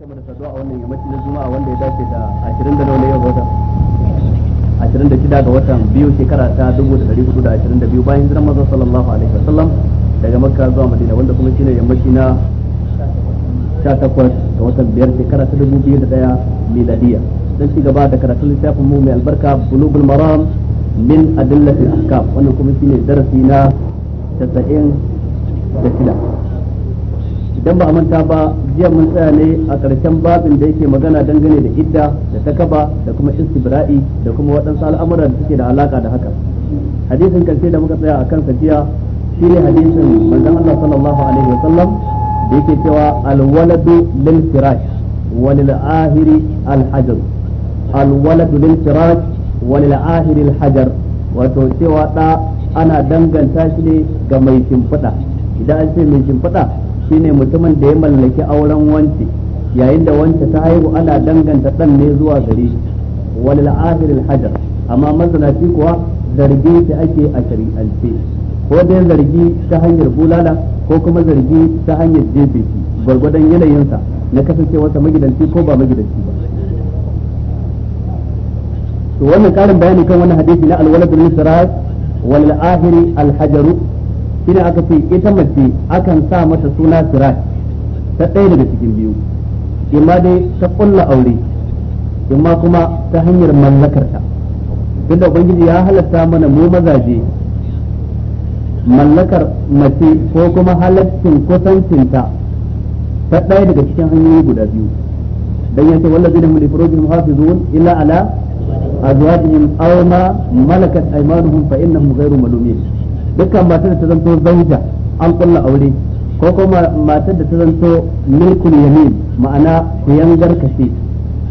barkamu da saduwa a wannan yammaci na juma'a wanda ya dace da ashirin da yau watan 26 ga watan biyu shekara ta 1422 bayan hijiran manzon sallallahu alaihi wasallam daga makka zuwa madina wanda kuma shine yammaci na 18 ga watan biyar shekara ta 2001 miladiya dan ci gaba da karatun littafin mu mai albarka bulugul maram min adillatil ahkam wannan kuma shine darasi na 96 idan ba a manta ba jiya mun tsaya ne a ƙarshen babin da yake magana dangane da idda da takaba da kuma istibra'i da kuma waɗansu al'amura da suke da alaka da haka hadisin karshe da muka tsaya a kansa jiya shine hadisin manzon Allah sallallahu alaihi wasallam da yake cewa alwaladu lil firash wa ahiri al alwaladu lil firash wa ahiri al wato cewa da ana danganta shi ne ga mai shimfiɗa idan an ce mai shimfiɗa shine mutumin da ya mallaki auren wance yayin da wance ta haihu ana danganta dan ne zuwa gare shi walil ahir hajar amma shi kuwa zargi shi ake a shari'ance ko dai zargi ta hanyar bulala ko kuma zargi ta hanyar jefe shi gwargwadon yanayinsa na kasancewarsa magidanci ko ba magidanci ba to wannan karin bayani kan wannan hadisi na alwalad bin sirat wal ahir al hajaru shine aka ce ita mace akan sa mata suna sirat ta ɗaya daga cikin biyu imma dai ta ƙulla aure imma kuma ta hanyar mallakarta tunda ubangiji ya halatta mana mu mazaje mallakar mace ko kuma halaccin kusancinta ta ɗaya daga cikin hanyoyi guda biyu dan yace da hum li furujihim hafizun illa ala azwajihim aw ma malakat aymanuhum fa innahum ghayru malumin dukkan matar da ta zanto zauja an kulla aure ko kuma matar da ta zanto milkul yamin ma'ana kuyangar kashi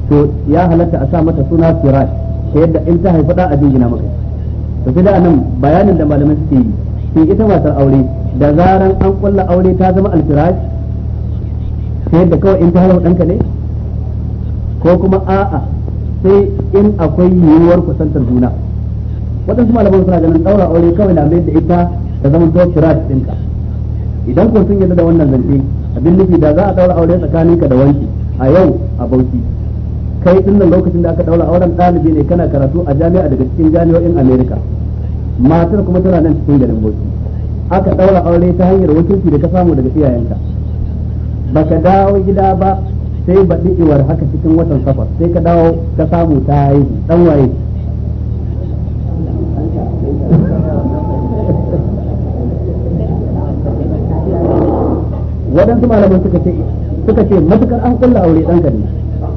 to ya halatta a sa mata suna firash ta yadda in ta haifa da a jingina maka to sai da anan bayanin da malamai suke yi sai ita matar aure da zaran an kulla aure ta zama alfirash ta yadda kawai in ta haifa danka ne ko kuma a'a sai in akwai yiwuwar kusantar juna waɗansu malaman suna ganin ɗaura aure kawai na mai da ita ta zama to kirat ɗinka idan ko sun yadda da wannan zance abin nufi da za a ɗaura aure ka da wanki a yau a bauchi kai din nan lokacin da aka ɗaura auren ɗalibi ne kana karatu a jami'a daga cikin jami'o'in amerika matar kuma tana nan cikin garin bauchi aka ɗaura aure ta hanyar wakilci da ka samu daga iyayenka baka dawo gida ba sai baɗi iwar haka cikin watan safar sai ka dawo ka samu ta haihu ɗan waye waɗansu malaman suka ce suka ce matukar an kulla aure dan ka ne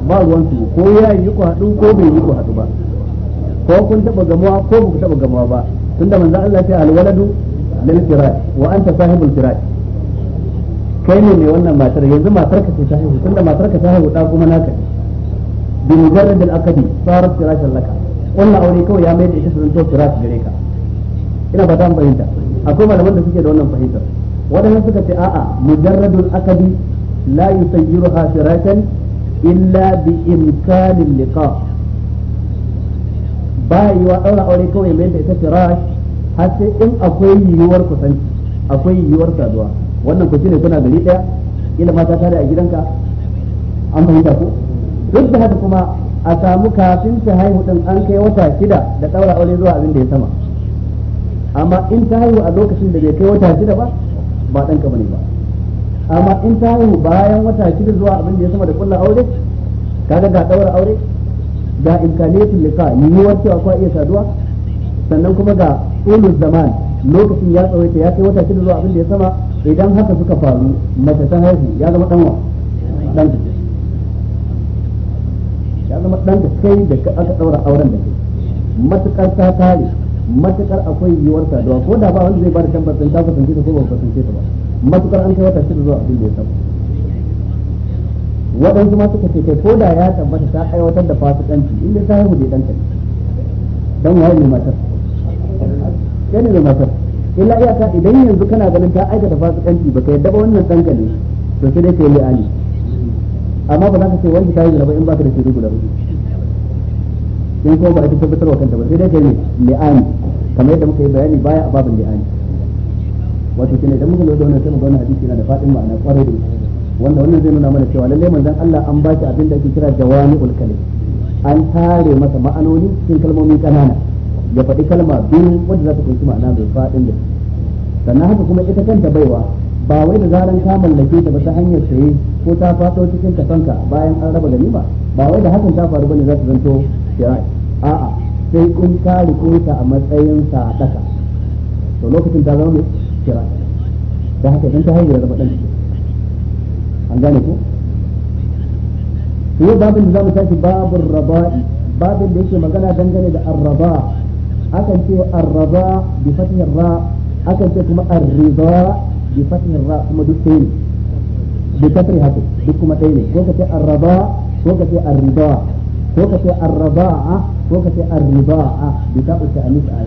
ba ruwan su ko ya yi ku haɗu ko bai yi ku haɗu ba ko kun taɓa gamuwa ko ba ku taɓa gamuwa ba tunda manzo Allah ya ce alwaladu lil firash wa anta sahibul firash kai ne mai wannan matar yanzu matar ka ce ta haihu tunda matar ka ta haihu da kuma naka bi mujarrad al aqdi sar firashan laka wannan aure kawai ya mai da ita sun to firash gare ka ina fata an fahimta akwai malaman da suke da wannan fahimtar waɗanda suka ce a'a mujarradul akadi la yusayyiruha firakan illa bi imkanin liqa ba yiwa ɗaura aure kawai mai da ita firash har sai in akwai yiwuwar kusanci akwai yiwuwar saduwa wannan ku ne kuna gari ɗaya kila mata tare a gidanka an fahimta ko duk da haka kuma a samu kafin ta haihu din an kai wata shida da ɗaura aure zuwa abin da ya sama amma in ta haihu a lokacin da bai kai wata shida ba ba ka bane ba amma in ta yi bayan wata shida zuwa abin da ya sama da kullu aure kaga ga daura aure ga imkaniyatul liqa yiwuwar cewa ko iya saduwa sannan kuma ga ulul zaman lokacin ya tsawaita ya kai wata shida zuwa abin da ya sama idan haka suka faru mace ta haihu ya zama danwa dan ya zama dan da kai da aka daura auren da kai matukar ta tare matukar akwai yiwuwar saduwa ko da ba wanda zai ba da tambar sun ta sun ta ko ba sun ta ba matukar an kai wata shida zuwa abin da ya samu waɗansu ma suka ce kai ko da ya tabbata ta aiwatar da fasikanci inda ta haihu hudu ɗanta dan waye ne matar kai ne mai matar illa iyaka idan yanzu kana ganin ta aikata fasikanci ba kai ba wannan ɗanka ne to sai dai kai li'ani amma ba za ka ce wanda ta yi ba in baka da shi guda ba. in kuma ba a tabbatar wa kanta ba sai dai kai li'ani kamar yadda muka yi bayani baya a babin li'ani wato kina idan muka lura da wannan sai mu ga wannan hadisi yana da fadin ma'ana kwarai da wanda wannan zai nuna mana cewa lalle manzon Allah an ba shi abin da ake kira jawami'ul kalim an tare masa ma'anoni cikin kalmomi kanana ya faɗi kalma biyu wanda za ta kunshi ma'ana mai fadin da sannan haka kuma ita kanta baiwa ba wai da zaran ka mallake ta ba ta hanyar saye ko ta faɗo cikin kasanka bayan an raba ganima ba wai da hakan ta faru bane za ta zanto shari'a a'a sai kun ka riko ta a matsayin sadaka to lokacin ta zama mai shari'a da haka idan ta haihu da zama dan an gane ko to yau babin da zamu tashi babin raba'i babin da yake magana dangane da arraba akan ce arraba bi fatihir ra akan ce kuma arriba bi fatihir ra kuma duk sai ne bi kasri haka duk kuma ɗaya ne ko ka ce arraba ko ka ce arriba ko ka ce arraba'a ko ka ce arriba'a bi ta ku ta'anis a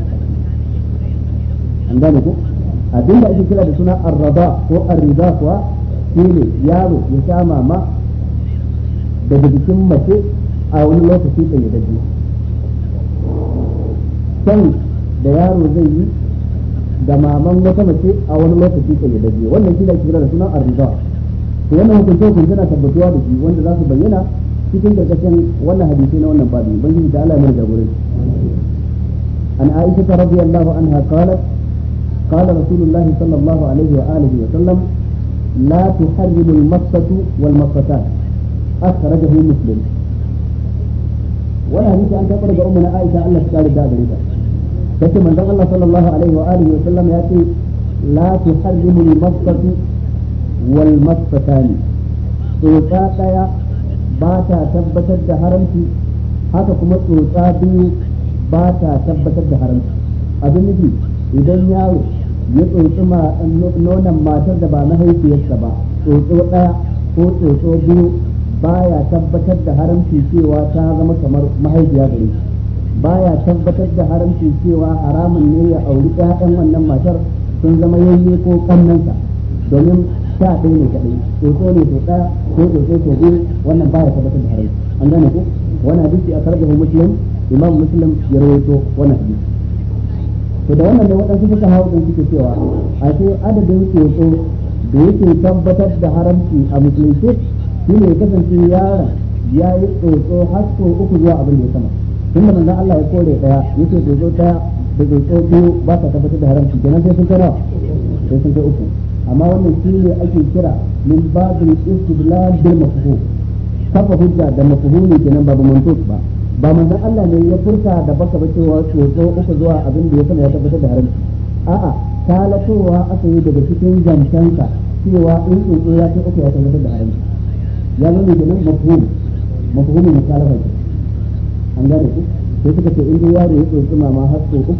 an gane ko abin da ake kira da suna arraba ko arriba kuwa shine yaro ya sha mama daga jikin mace a wani lokaci ta ya dace kan da yaro zai yi da maman wata mace a wani lokaci ta ya dace wannan shi ake kira da suna arriba to wannan hukunce hukunce na tabbatuwa da shi wanda za su bayyana cikin karkashin wannan hadisi na wannan babu ubangiji ta Allah mai jagoranci an Aisha ta radiyallahu anha qalat qala rasulullahi sallallahu alaihi wa alihi wa sallam la tuharrimu al-massatu wal massatat akhrajahu muslim wannan hadisi an tabbata ga ummu na Aisha Allah ta kare da gare ta kace manzon Allah sallallahu alaihi wa alihi wa sallam ya ce la tuharrimu al-massatu wal massatani tsotsa daya ba ta tabbatar da haramci haka kuma tsotsa biyu ba ta tabbatar da haramci abin nufi idan yaro ya tsotsi nonon matar da ba na mahaifiyarsa ba tsotso ɗaya ko tsotso biyu ba ya tabbatar da haramci cewa ta zama kamar mahaifiya gare shi ya tabbatar da haramci cewa haramun ne ya auri ɗaya wannan matar sun zama yayye ko kannansa domin sha ɗaya ne kaɗai tsotso ne sau ɗaya ko tsotso sau biyu wannan baya tabbatar da harai an gane ko wani hadisi a karɓar muslim imam muslim ya rawaito wannan hadisi to da wannan ne waɗansu suka hawa ɗin suke cewa a ce adadin tsotso da yake tabbatar da haramci a musulunci shi ne kasance yaron ya yi tsotso har sau uku zuwa abin da ya sama da manzo Allah ya kore daya yake tsotso daya da tsotso biyu ba sa tabbatar da haramci kenan sai sun kai nawa sai sun kai uku amma wannan shi ne ake kira min babin istidlal bil mafhum kafa hujja da ne kenan babu mantuq ba ba manzon Allah ne ya furta da baka ba cewa to uku zuwa abin da ya sama ya tabbatar da haramci a'a talatowa aka yi daga cikin zancenka cewa in zo ya ce uku ya tabbatar da haramci ya ne kenan mafhum ne mukalafa ke an gane ku sai suka ce in dai yaro ya tsotsi ma har uku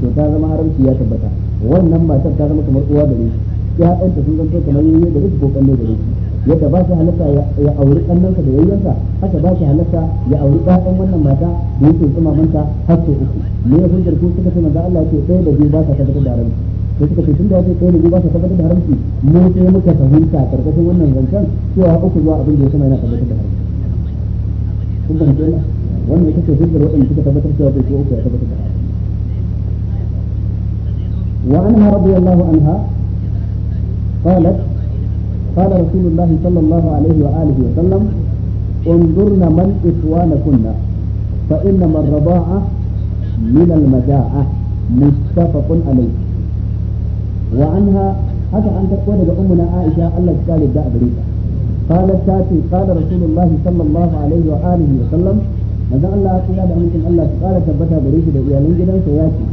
to ta zama haramci ya tabbata wannan matar ta zama kamar uwa da ni ya'yanta sun zanto kamar yi da ko kanne da yadda ba shi halatta ya auri kannansa da yayyanka haka ba shi halatta ya auri ɗaɗan wannan mata da yake tsumamanta har sau uku me ya hujjar ko suka ce manzo Allah ya ce ɗaya da biyu ba sa tabbatar da haramci da suka ce tunda ya ce ɗaya da biyu ba sa tabbatar da haramci mu sai muka fahimta karkashin wannan zancen cewa uku zuwa abin da ya sama yana tabbatar da haramci kun ban ce wannan ita ce hujjar waɗanda suka tabbatar cewa bai ko uku ya tabbatar da haramci وعنها رضي الله عنها قالت قال رسول الله صلى الله عليه وآله وسلم انظرن من إخوانكن فإنما الرضاعة من المجاعة متفق عليه وعنها حتى أن تقول لأمنا عائشة الله قال الداء بريدة قالت تاتي قال رسول الله صلى الله عليه وآله وسلم ماذا الله أقول هذا أمكن الله قال ثبتها بريدة إلى لنجدا سياتي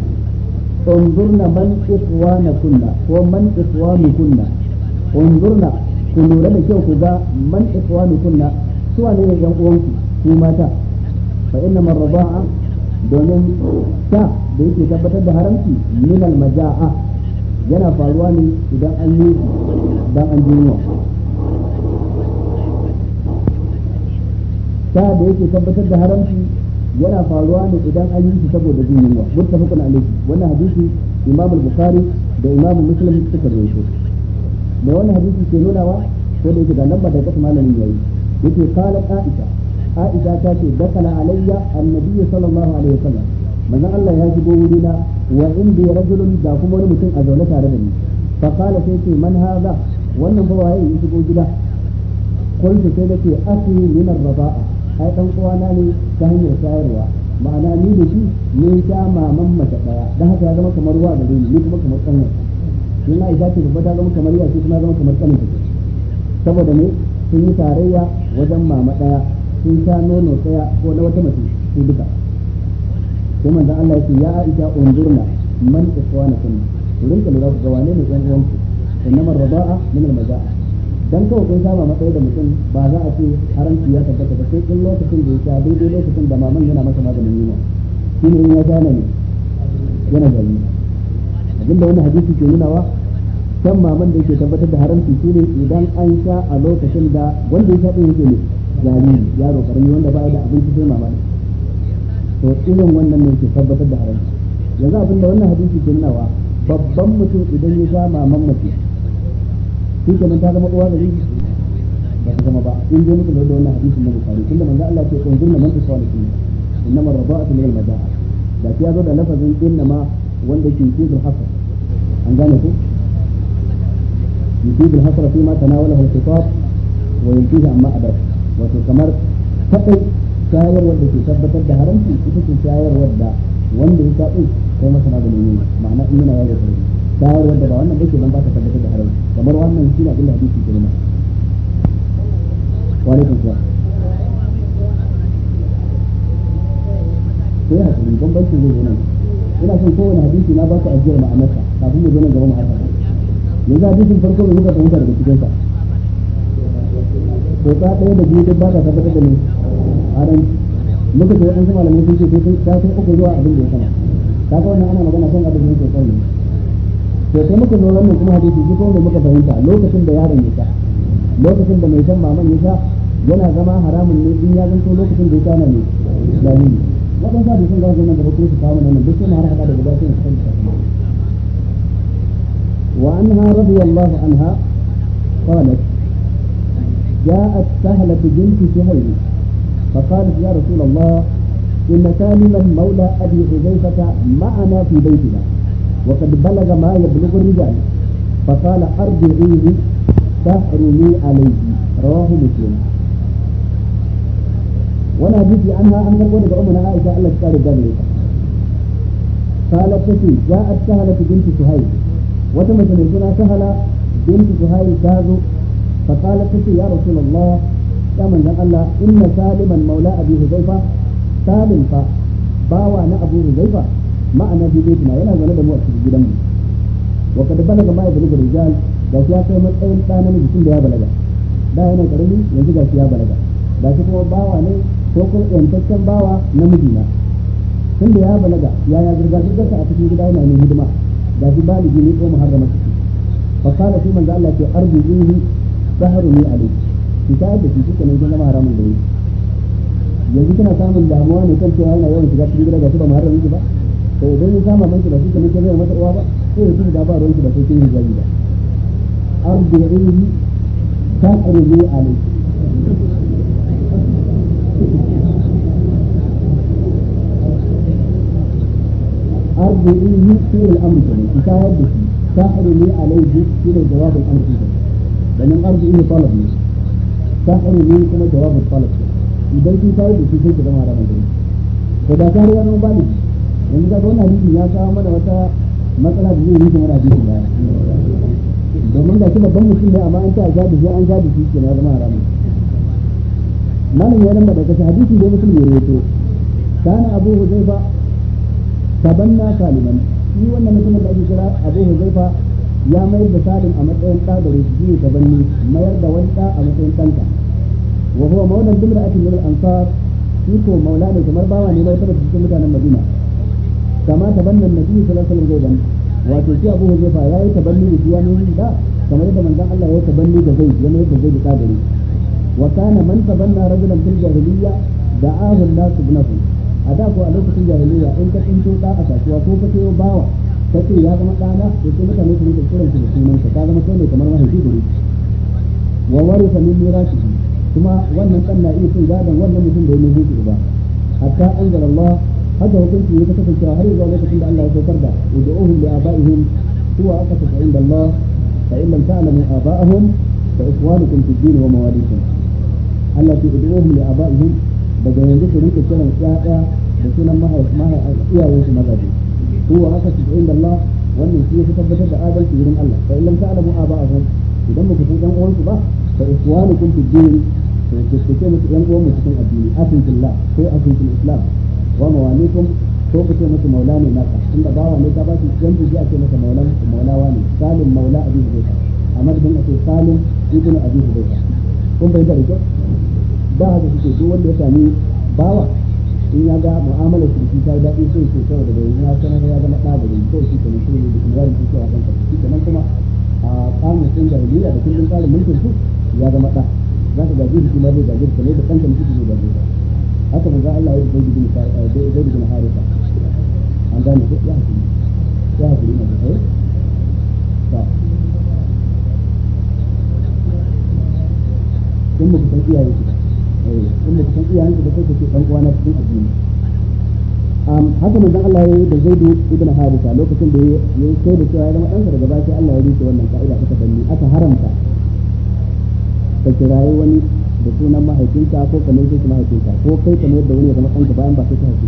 انظرنا من إخوانا كنا ومن إخوان كنا انظرنا كنورا لكيو كذا من إخوان كنا سوى لنا ينقوانك فيما تا فإنما الرضاعة دونين تا بيكي تبتا بهرمتي من المجاعة جنا فالواني إذا أني دا أنجينوا تا بيكي تبتد ta da yana faruwa ne idan an yi shi saboda jin yunwa muttafaqun alayhi wannan hadisi imam al-bukhari da imam muslim suka rawaito da wannan hadisi ke nuna wa ko da yake ga lamba da kasu malamin yayi yake kala qa'ida qa'ida ta ce dakala alayya annabi sallallahu alaihi wasallam manzon Allah ya shigo wuri na wa ya rajulun da kuma wani mutum a zaune tare da ni fa kala sai ce man hadha wannan ba waye ya shigo gida kullu sai ke akhi min ar-raba'a ai dan uwana ne ta hanyar shayarwa ma'ana ni da shi ne ta maman mace daya dan haka ya zama kamar wa gare ni kuma kamar kanin shi na isa ce babba ta zama kamar yawa shi kuma zama kamar kanin ta saboda ne sun yi tarayya wajen mama ɗaya, sun sha nono daya ko na wata mace su duka sai manzo Allah yake ya Aisha unzurna man ikhwanakum rinka lura ga wane ne ɗan uwanku innamar raba'a min al-maja'a dan ko kun saba matsayi da mutum ba za a ce haramci ya tabbata ba sai kun lokacin da ya sha daidai lokacin da maman yana masa maganin yunwa shi ne ya gane ne yana gani abinda wani hadisi ke nunawa kan maman da yake tabbatar da haramci shi ne idan an sha a lokacin da wanda ya sha ɗin yake ne jariri yaro karami wanda ba da abinci sai mama to irin wannan ne ke tabbatar da haramci yanzu abinda wannan hadisi ke nunawa babban mutum idan ya sha maman mutum shi nan ta zama uwa gare ba ta zama ba in dai muka da wannan hadisin na bukari tunda manzo Allah ce kun zunna man isalihin innama rabatu lil majaa da ya zo da lafazin innama wanda ke cikin hasan an gane ko يفيد kamar فيما shayarwar da ke tabbatar da وتكمر فقط شاير shayarwar da wanda ya ma'ana in shawarwar da ba wannan ake ban ba ta tabbatar da haram kamar wannan shi ne abin da hadisi ke nuna Wani wa alaikum salam sai hakuri bambancin zai nan ina son kowane hadisi na ba ku ajiyar ma'anarsa kafin mu zo nan gaba mu haka yanzu hadisin farko da muka fahimta daga cikin sa to ta ɗaya da biyu duk ba ka tabbatar da ni haram muka ce an san malamai sun ce sai ta sun uku zuwa abin da ya sama Ta kawai ana magana kan abin da ya sama to sai muka zo wannan kuma hadisi shi kuma muka fahimta lokacin da yaron ya sha lokacin da mai shan maman ya sha yana zama haramun ne in ya zanto lokacin da ya kana ne dalili waɗansu hadisin za su zama gaba kuma su kawo nan duk suna har haɗa da guda sun san وعنها رضي الله عنها قالت جاءت سهلة بنت سهيل فقالت يا رسول الله إن سالما مولى أبي حذيفة معنا في بيتنا وقد بلغ ما يبلغ الرجال فقال أرجعيه تحرمي عليه رواه مسلم wani hadisi an ha an karbo daga umma Aisha Allah ta kare gare ta qalat tafi ja'at sahla binti suhayl wata mace mai suna sahla binti suhayl ta zo fa qalat tafi ya rasulullah ya manzon Allah inna saliman maula abi huzaifa salim fa bawa na abu huzaifa ma'ana bi baitina yana zaune da mu a cikin gidanmu wa kad balaga ma yablugu rijal ga shi ya kai matsayin ɗa namiji tun da ya balaga da yana karami yanzu ga shi ya balaga ga shi kuma bawa ne ko kuma yantaccen bawa na na tun da ya balaga ya ya zirga zirgarsa a cikin gida yana mai hidima ga shi baligi ne ko muharrama ciki fa kala sai manzo Allah ce arju ihi sahru ni alayhi ki ta da shi kenan zama haramun da yanzu kana samun damuwa ne kan cewa yana yawan shiga cikin gida ga shi ba muharrami ba to idan ya sama mai kula shi ne ke zai masa uwa ba ko ya tuna da ba ruwan kula sai ya da ilimi ta ƙarfi a nan arzu in yi tsirin amurka ne ta yi da shi ta hari ne a laifin tsirin jawabin amurka ne ganin arzu in yi ne ta hari ne kuma jawabin falak idan kun da shi sai ki zama ramar ko da ta hari wani yanzu ga wannan hadisi ya kawo mana wata matsala da zai yi kuma da hadisi ba domin ga shi babban mutum ne amma an ta zabi sai an zabi shi na zama haramun malam ya ramba daga hadisi da mutum ya rawaito kana abu huzaifa tabanna saliman shi wannan mutumin da ake kira abu huzaifa ya mayar da salim a matsayin ɗa da shi ne tabanni mayar da wani ɗa a matsayin ɗanka wa huwa maulan dumra'atin min al-ansar shi ko maula ne kamar bawa ne bai saboda cikin mutanen Madina kama tabannan nabi sallallahu alaihi wasallam wato shi abu huzaifa ya yi tabanni da zuwa ne da kamar yadda manzon Allah ya yi tabanni da zai yana yadda zai da gari wa kana man tabanna rajulan fil jahiliyya da an-nas ibnahu a da ko a lokacin jahiliyya in ka tsinto da a kasuwa ko ka bawa ka ce ya zama dana to sai mutane su rinka kiran su da sunan ka zama kai ne kamar mahaifi gari wa warisa min mirasihi kuma wannan kan na iya cin gadon wannan mutum da ya nufi ba hatta anzalallahu haka hukunci ya kasance cewa har zuwa lokacin da Allah ya saukar da ud'uhum li aba'ihim huwa aqsatu 'inda Allah fa in lam ta'lamu aba'ahum fa ikhwanukum fid din wa mawalikum Allah ya ud'uhum li aba'ihim daga yanzu ku rinka kiran ƴaƴa da sunan iyayen su mazaje huwa aqsatu 'inda Allah wannan shi ya tabbatar da adalci wurin Allah fa in lam ta'lamu aba'ahum idan muku san ɗan uwanku ba fa ikhwanukum fid din to ku kike musu ɗan uwan mu cikin addini asin billah ko asin islam wa mawalikum ko ku ce musu maula ne naka tunda bawa ne ka ba shi jan biji ake masa maula maulawa ne salim maula abi hudaita amma idan ake salim ibnu abi hudaita kun bai da kyau Ba haka suke duk wanda ya sami bawa in ya ga mu'amalar kirki ta daɗi ya ce kawai daga yanzu ya sanar ya zama ɗa da yanzu kawai shi kenan shi ne da kuma yaron kirki a kanka shi kenan kuma a tsarin sun jahiliya da kundin tsarin mulkin su ya zama ɗa za ka gaji da kuma zai gaji da ne da kanka mutum zai gaji da haka manzo Allah ya zai bin sai zai bin harisa an gane ko ya hakuri ya hakuri na da kai eh? ba Kun mu san iyaye ki eh in san iyaye da kai kake dan uwa na cikin addini um haka manzo Allah ya da zai ibn harisa lokacin da ya sai da cewa ya zama dan sa daga baki Allah ya rike wannan ka'ida ta banni aka haramta ka kirayi wani da sunan mahaifinka ko kamar yadda mahaifinka ko kai kamar yadda wani ya zama kanka bayan ba kai ka haife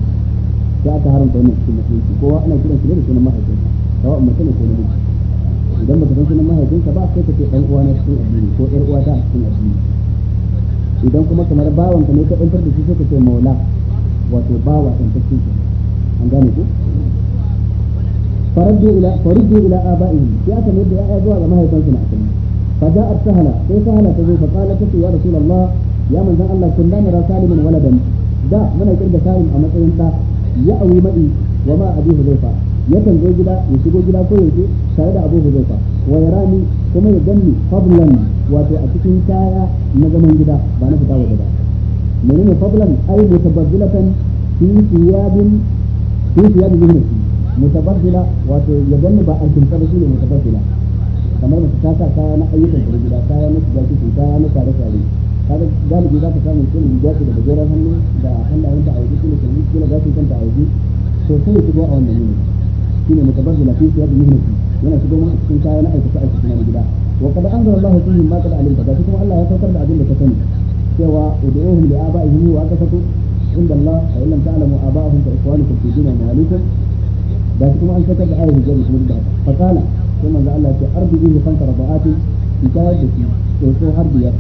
sai aka haramta wannan cikin musulunci kowa ana kiran shi da sunan mahaifinka kawai mace ne ko namiji idan baka san sunan mahaifinka ba sai ka ce dan uwa na cikin addini ko yar uwa ta a cikin addini idan kuma kamar bawan ka ne ka dantar da shi sai ka ce maula wato bawa dan cikin an gane ku faraddu ila faraddu ila aba'ihim ya kamar yadda ya zuwa ga mahaifansu na asali فجاءت سهلة إيه سهلة تقول فقالت يا رسول الله يا من ذا الله كنا نرى سالما ولدا دا من يكرد سالم أما أنت يأوي مئي وما أبي حذيفة يكن زي جدا يشيبو جدا كل شيء شاهد أبو حذيفة ويراني كما يجني فضلا وفي أتكين كايا نجمان جدا بانا فتاوى جدا منين فضلا أي متبذلة في ثياب في ثياب ذهنتي متبذلة وفي يجنب أن تنسى بشيء متبذلة kamar mace ta sa kaya na ayyukan ta gida kaya na shiga kitchen kaya na tare tare kaga galibi za ka samu kila riga ce da gajeren hannu da hannayen ta a waje kila kalmi kila gashin kanta a waje to sai ya shigo a wannan yini shine mutabazzila fi siyar da muhimmanci yana shigo mun a cikin kaya na aikace aikace na gida wa qad anzala Allahu fihi ma qad alimta da kuma Allah ya saukar da abin da ka sani cewa ud'uhum li aba'ihim wa aqsatu inda Allah fa illam ta'lamu aba'ahum fa ikhwanukum fi dinin wa alaikum da kuma an saukar da ayatul jannah da fa qala sai manzo Allah ya ce arbihi fan rabaati in ka da shi to so har biyar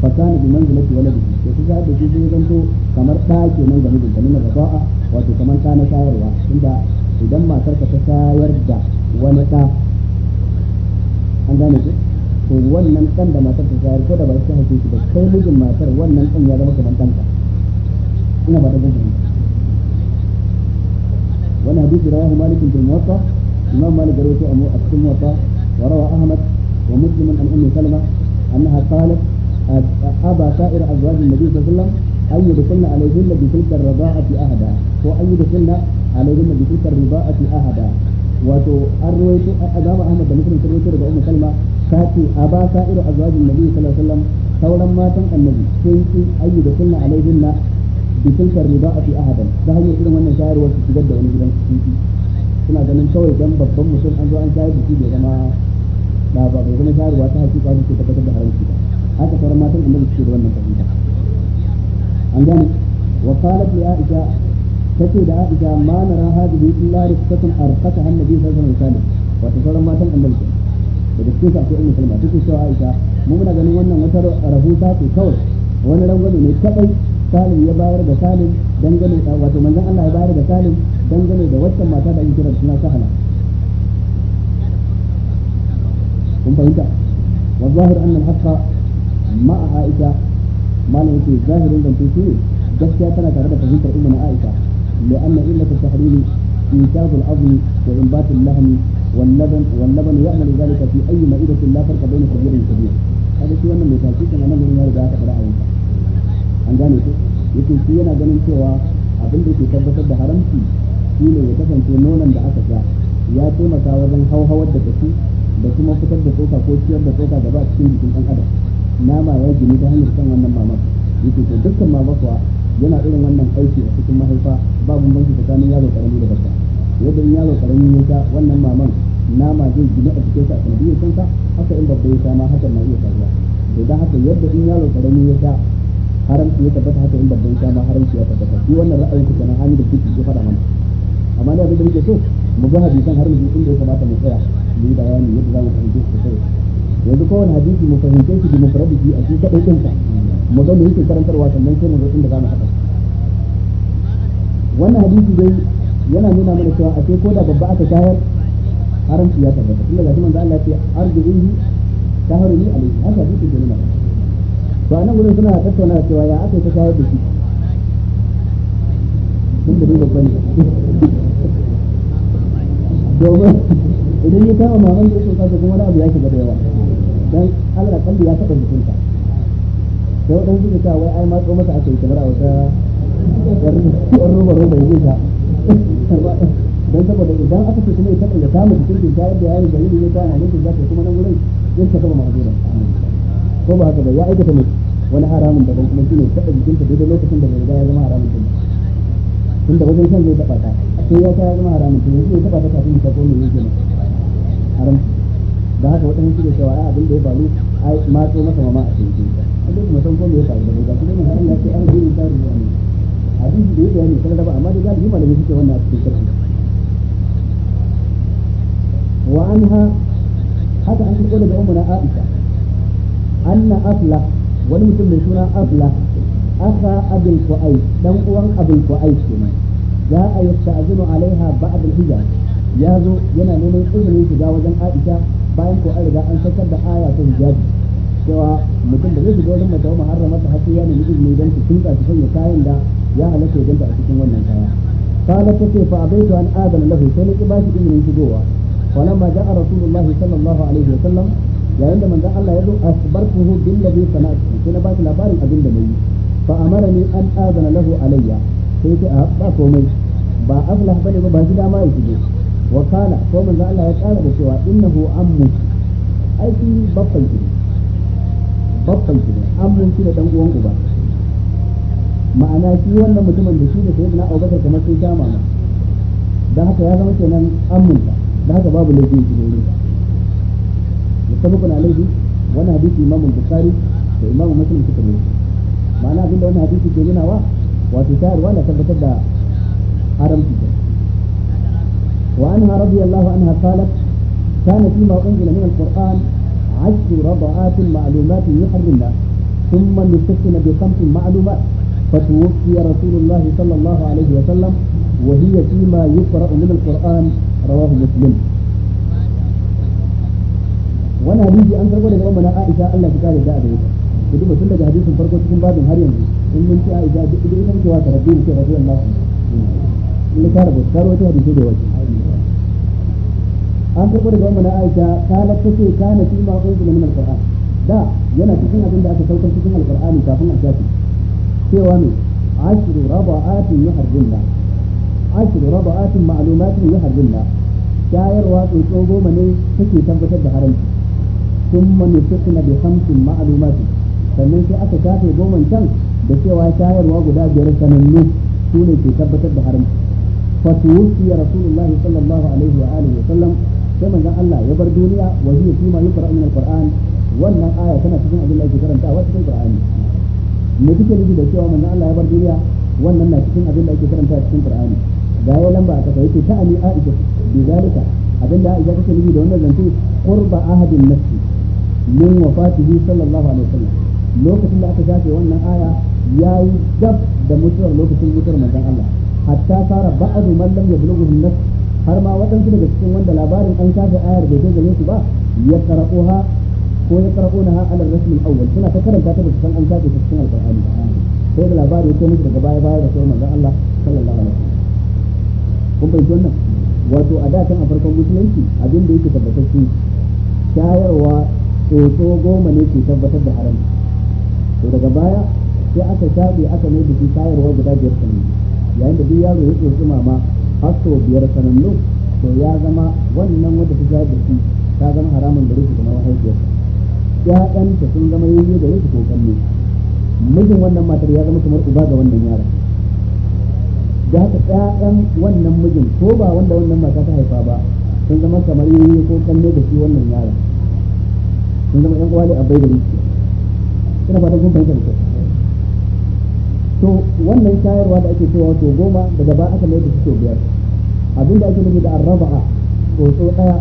fasana bi manzilati waladi to kuka da shi zai zanto kamar da kenan game da dalilin rafa'a wato kamar ta na shayarwa tunda idan matar ka ta shayar da wani da an gane ku to wannan dan da matar ta shayar ko da ba ta haife shi ba kai mijin matar wannan dan ya zama kamar danka ina ba da gudu wannan hadisi rawahu malikin bin muwatta إمام مالك رويته أمو أكتم وطا وروى أحمد ومسلم عن أم سلمة أنها قالت أبى سائر أزواج النبي صلى الله عليه وسلم أن يدخلن عليهن بتلك الرضاعة أهدا وأن يدخلن عليهن بتلك الرضاعة أهدا wato an rawaito azaba ahmad da muslim sun rawaito daga ummu salma ta ce a sa'iru azwajin nabi sallallahu alaihi wasallam sauran matan annabi sun yi ayyu da sunna alaihinna bi tilkar riba ahadan da hanyar irin wannan shayarwar su shigar da wani gidan kifi suna ganin kawai don babban musul an zo an shayar jiki bai zama ba ba bai zama shayarwa ta hakika kwanu ke tabbatar da haramci ba haka sauran matan annabi suke da wannan fahimta an gane wa qalat li aisha tace da aisha ma nara hadhihi illa rifqatun arqata annabi sallallahu alaihi wasallam wato sauran matan annabi da cikin su akwai ummu salma take cewa aisha mu muna ganin wannan wata rahuta ce kawai wani rangwame ne kadai salim ya bayar da salim dangane wato manzon Allah ya bayar da salim dangane da waccan mata da ake kira suna sahala kun fahimta wa zahir annal haqqa ma aisha ma ce yake zahirin dan tuki gaskiya tana tare da fahimtar ummu aisha la anna illa tahrim inshaq al azmi wa inbat al lahmi wal ladan wal ladan ya'mal dhalika fi ayyi ma'idati la farq bayna kabirin kabir hada shi wannan mai tafsiri kana nan gurin da aka fara a yanka an gane ko yake shi yana ganin cewa abin da ke tabbatar da haramci shi ne ya kasance nonon da aka sha ya taimaka wajen hauhawar da kashi da kuma fitar da tsoka ko ciyar da tsoka da ba cikin jikin ɗan adam nama ya gini ta hanyar kan wannan mamar yake to dukkan mama kuwa yana irin wannan aiki a cikin mahaifa ba bambanci tsakanin yaro karami da babba yadda in yaro karami ya sha wannan maman nama zai gina a cikin sa a sanadiyar kansa haka in babba ya sha ma hakan na iya faruwa to dan haka yadda in yaro karami ya sha haramci ya tabbata haka in babban ya sha ma haramci ya tabbata shi wannan ra'ayin ku kenan hanyar da kike faɗa mana amma ne abin da muke so mu ga hadisan har mu inda ya kamata mu tsaya mu yi bayani yadda za mu fahimce su sosai yanzu kowane hadisi mu fahimce shi da mu fara biki a cikin kaɗai ɗinka mu ga mu yake karantarwa sannan sai mu ga inda za mu haɗa wannan hadisi dai yana nuna mana cewa a ko da babba aka shayar haramci ya tabbata tunda ga manzo Allah ya ce arjuhi shahruni alayhi haka hadisi da nuna to nan gurin suna tattauna cewa ya aka ta shayar da shi tun da dai babban domin idan ya kama maman da ya soka kuma abu ya shiga da yawa don Allah kalli ya taɓa jikinta da waɗansu da ta wai ai matso masa a cikin kamar a wata ɗan roba roba ya zai don saboda idan aka ce kuma ya taɓa ya kama jikin ta yadda ya yi jariri ne ta hannun ta zaka kuma nan wurin yin ta masu ma'azura ko ba haka ba ya aikata mai wani haramun daban kuma shi ne taɓa jikinta daidai lokacin da bai riga ya zama haramun ta tunda wajen shan zai taɓa ta sai ya kaya zama haramun to yanzu ya taɓa ta kafin ya taɓa mai yake haram da haka waɗannan suke cewa ai abin da ya faru ai matso masa mama a cikin kinsa a duk mutum ko me ya faru da ga kuma mun haram ya ce an yi ta ruwa ne abin da ya bayani kada ba amma da yi malamai suke wannan a cikin sarki wa anha haka an ko daga ummuna Aisha anna afla wani mutum mai suna afla uwan abin الفؤيد دون أبي الفؤيد كمان جاء يستأذن عليها بعد الهجرة ya zo yana neman izinin shiga wajen Aisha bayan ko an riga an saukar da aya ta hijabi cewa mutum da zai shiga wajen mace wa harrama ta haƙi ya nemi izini don su tunka su sanya kayan da ya halatta ganta a cikin wannan kaya kala ta ce fa abaitu an adana lahu sai na ki ba shi izinin shigowa falamma a rasulullahi sallallahu alaihi wa sallam yayin da manzan Allah ya zo asbartuhu bil ladhi sana'tu sai na ba shi labarin abin da yi. fa ni an azana lahu alayya sai ce a ah, ba komai ba aflah bane ba ba shi dama ya shige wa kana ko manzo Allah ya kara da cewa innahu aiki babban ki babban ki ammun ki da ɗan uwan uba ma'ana shi wannan mutumin da shi da sayyidina Abubakar kamar kama sai mama dan haka ya zama kenan ammun ta dan haka babu laifi ki da wurin mutabakun alaihi wannan hadisi Imam Bukhari da Imam Muslim suka rubuta ma'ana abinda wannan hadisi ke nuna wa wato tayarwa na tabbatar da haramci ke wa anha radiyallahu anha qalat kana fi ma unzila min alquran ashru rabaat ma'lumat yuhrimna thumma nusakkina bi khamsi ma'lumat فتوفي رسول الله صلى الله عليه وسلم وهي فيما يقرا من القران رواه مسلم. وانا هذه ان تقول لك عائشه الله تعالى جاء بذلك. ku duba tun daga hadisin farko cikin babin har yanzu in mun ci a idan idan ita muke wata rabbi ce rabbi Allah in ka rabu ka rawaita hadisi da wajen. an karɓi daga wannan Aisha kana tace kana fi ma unzila min alquran da yana cikin abin da aka saukar cikin alqurani kafin a shafi cewa ne ashiru rabaatin yuharrimna ashru rabaatin harbin da. shayarwa tsotso goma ne take tabbatar da haramci suna da بخمس معلومات sannan sai aka kafe goman can da cewa shayarwa guda biyar sanannu su ne ke tabbatar da haram fatuwusiya rasulullahi sallallahu alaihi wa alihi wa sallam sai manzon Allah ya bar duniya wa hiya fi ma yuqra min alquran wannan aya tana cikin abin da ake a cikin qur'ani me kike nufi da cewa manzon Allah ya bar duniya wannan na cikin abin da ake a cikin qur'ani ga ya lamba aka ta yake ta ali aisha bi zalika abin da aisha take nufi da wannan zance qurba ahadin nafsi min wafatihi sallallahu alaihi wa sallam lokacin da aka shafe wannan aya ya yi dab da mutuwar lokacin mutuwar manzon Allah hatta fara ba'adu mallam ya yablughu an har ma waɗansu daga cikin wanda labarin an shafe ayar bai zo gare su ba ya qara'uha ko ya qara'unaha ha ar-rasm awwal suna ta karanta ta san an shafe ta cikin alqur'ani sai da labarin ya kai musu daga baya baya da sauran manzon Allah sallallahu alaihi wasallam kun bai wannan wato a da kan a farkon musulunci abin da yake tabbatacce shayarwa tsotso goma ne ke tabbatar da haramci to daga baya sai aka shafe aka mai da shi guda biyar sanannu yayin da duk yaro ya tsotsi mama har sau biyar sanannu to ya zama wannan wanda ta shayar da ta zama haramun da rufe kamar mahaifiyarsa ƴaƴanta sun zama yayi da rufe ko kanne mijin wannan matar ya zama kamar uba ga wannan yara da haka ƴaƴan wannan mijin ko ba wanda wannan mata ta haifa ba sun zama kamar yayi ko kanne da shi wannan yara sun zama ɗan uwa ne a bai da rufe ina fatan kun fahimta da to wannan shayarwa da ake cewa to goma daga ba aka mai da su biyar abinda ake nufi da arraba'a so daya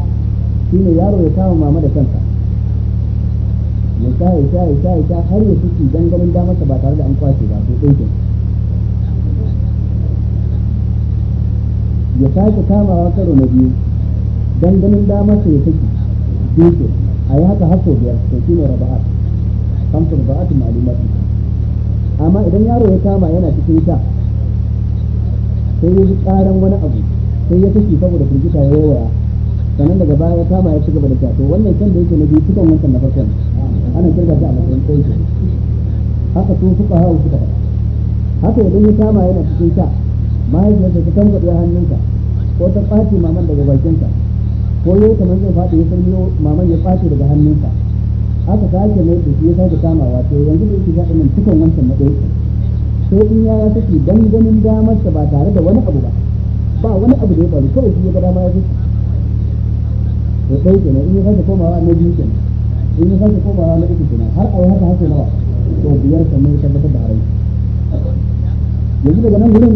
shine yaro ya kama mama da kanta ya sha ya sha ya sha ya sha har ya fiki dan ganin masa ba tare da an kwace ba to ɗaukin ya sake kamawa karo na biyu dan ganin damarsa ya fiki dokin a yi haka har sau biyar to shine raba'a kamta mutawatun ma'lumatun amma idan yaro ya kama yana cikin ta sai ya ji karan wani abu sai ya tashi saboda firgita ya waya sanan daga baya ya kama ya ci gaba da ta to wannan kyan da yake na biyu cikin wancan na farkon ana kirga shi a matsayin kai haka su suka suka faɗa haka idan ya kama yana cikin sha mahaifiyarsa ta tambaɗe hannunka ko ta ɓaci maman daga bakinsa ko yau kamar zai faɗi ya sanyo maman ya ɓaci daga hannunka. aka sake mai da shi ya sake kamawa to yanzu da yake zaɓi nan cikin wancan na ɗaya sai in ya ya saki dan ganin damar ba tare da wani abu ba ba wani abu da ya faru kawai shi ya ga dama ya saki to ɗaya kenan in ya sake komawa na biyu kenan in ya sake komawa na uku kenan har a yi haka haka nawa to biyar sannan mai tabbatar da harai yanzu daga nan gurin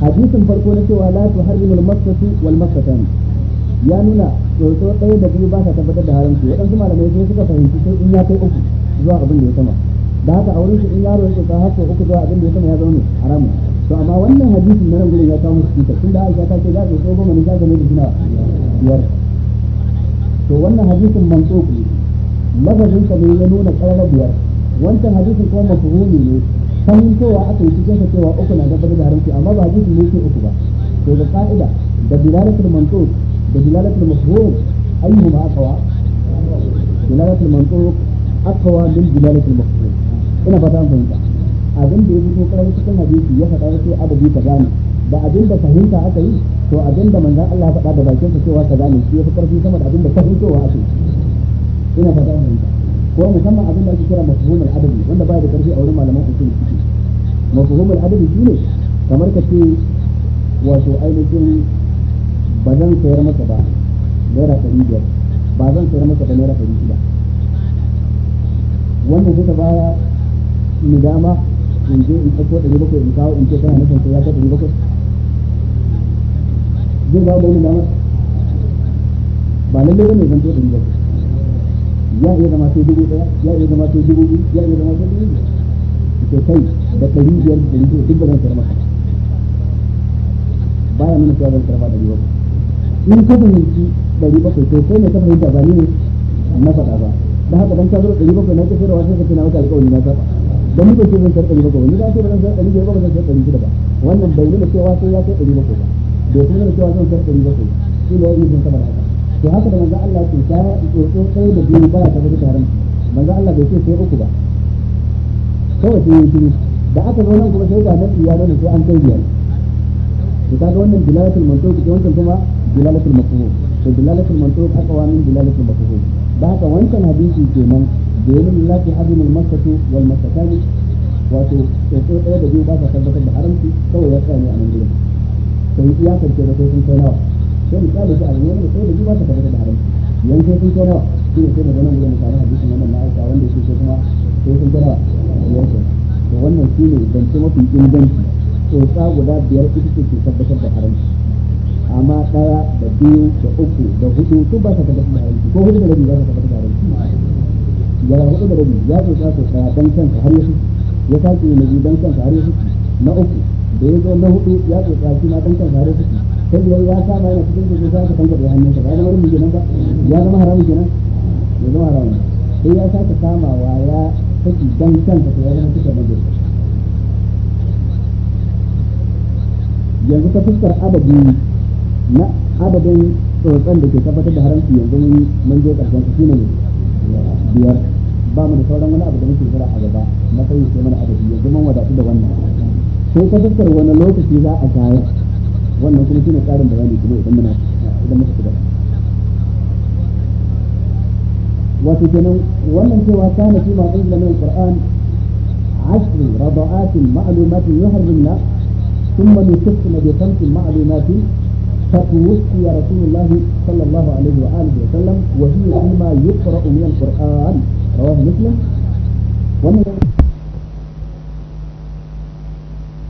hadisin farko na cewa la tuharrimul masfatu wal masfatani ya nuna tsoro ɗaya da biyu ba sa tabbatar da haramci waɗansu malamai sai suka fahimci sai in ya kai uku zuwa abin da ya sama da haka a wurin shi in yaro yake ka hasso uku zuwa abin da ya sama ya zama haramun to amma wannan hadisi na nan gurin ya kawo musu cuta da Aisha ta ce za ka so goma ne za da gina biyar to wannan hadisin mantsoko ne lafazin sa ne ya nuna ƙarar biyar wancan hadisin kuma mafhumi ne fahimtowa aka yi cikin sa cewa uku na tabbatar da haramci amma ba hadisin ne ke uku ba to da ka'ida da bilalatul mantsoko بدلالة المفهوم أيهما أقوى دلالة المنطوق أقوى من دلالة المفهوم ina fata fahimta abin da ya fito karar cikin hadisi ya faɗa wasu adadi ka da abin da fahimta aka yi to abin da manzon Allah faɗa da bakin sa cewa ka gane shi ya fi karfi sama da abin da fahimtowa aka yi ina fata fahimta ko musamman abin da ake kira mafhumul adabi wanda ba da karfi a wurin malaman usul fiqh mafhumul adabi shine kamar ka ce wato ainihin ba zan sayar maka ba naira ɗari biyar ba zan sayar maka ba naira ɗari shida wannan sai ta baya ni dama in je in ɗauko ɗari bakwai in kawo in ce kana nufin sai ya ta ɗari bakwai zai ba da ni dama ba lallai bane zan to ɗari bakwai ya iya zama sai dubu ɗaya ya iya zama sai dubu biyu ya iya zama sai dubu biyu ke kai da ɗari biyar da ɗari duk da zan sayar maka baya nuna cewa zan sayar ma ɗari bakwai in ka fahimci ɗari bakwai to kai ne ka fahimta ba ne na faɗa ba da haka dan ka zo ɗari bakwai na ke sayarwa da ka ce na wata alƙawari na saba dan muka ce zan sayar ɗari bakwai ni da ce zan sayar ɗari bakwai ba zan sayar ɗari shida ba wannan bai nuna cewa sai ya kai ɗari bakwai ba bai kuma nuna cewa zan sayar ɗari bakwai shi ne ya sun da haka to haka da manzo Allah ke ta tsotso sai da biyu baya ta gudu taron manzo Allah bai ce sai uku ba kawai sai yi shiru da aka zo nan kuma sai ga nan ya nuna sai an kai biyar to kaga wannan bilatul mansuki wancan kuma دلالة المفهوم فدلالة المنطوق أقوى من دلالة المفهوم بعد وانت نبيش الجيمان دين الله في حجم المسكة والمسكان واتو تقول ايه بديو بعد خبط البحرم في سوى يسان يعمل دين فهي ايه في الكيرتوس انتنا شو مثال بس على يوم ايه بديو بعد خبط البحرم يوم كيف انتنا كيف انتنا بنا مجمع سعرها بيش انما معي سعرون بيش انتنا كيف انتنا يوم كيف وانا سيني بنتمو في انجنسي وصاغ ودا بيارك تكتب في خبط البحرم amma ɗaya da biyu da uku da hudu tun ba sa tabbata da aiki ko hudu da rabi ba sa tabbata da aiki yana hudu da rabi ya ce sa tsaya dan kanka har yasu ya sake na biyu dan kanka har yasu na uku da ya zo na hudu ya ce tsaya shi ma dan kanka har yasu sai biyar ya kama yana cikin da za ka kanka da hannunka ba ya zama rubu kenan ba ya zama haramun kenan ya zama haramun sai ya sake kamawa ya saki dan kanka to ya zama kusa da yanzu ta fuskar adadi na adadin tsotsan da ke tabbatar da haramci yanzu mun mun je karshen su ne biyar ba mu da sauran wani abu da muke fara a gaba na sai sai mana adadi yanzu mun wadatu da wannan sai ka fuskar wani lokaci za a kaya wannan kuma shine tsarin bayani kuma idan muna idan muka shiga wato kenan wannan cewa kana fi ma inda min alquran عشر رضعات معلومات يحرمنا ثم نكفنا بخمس فتوفي رسول الله صلى الله عليه وآله وسلم وهي فيما يقرأ من القرآن رواه مسلم ومن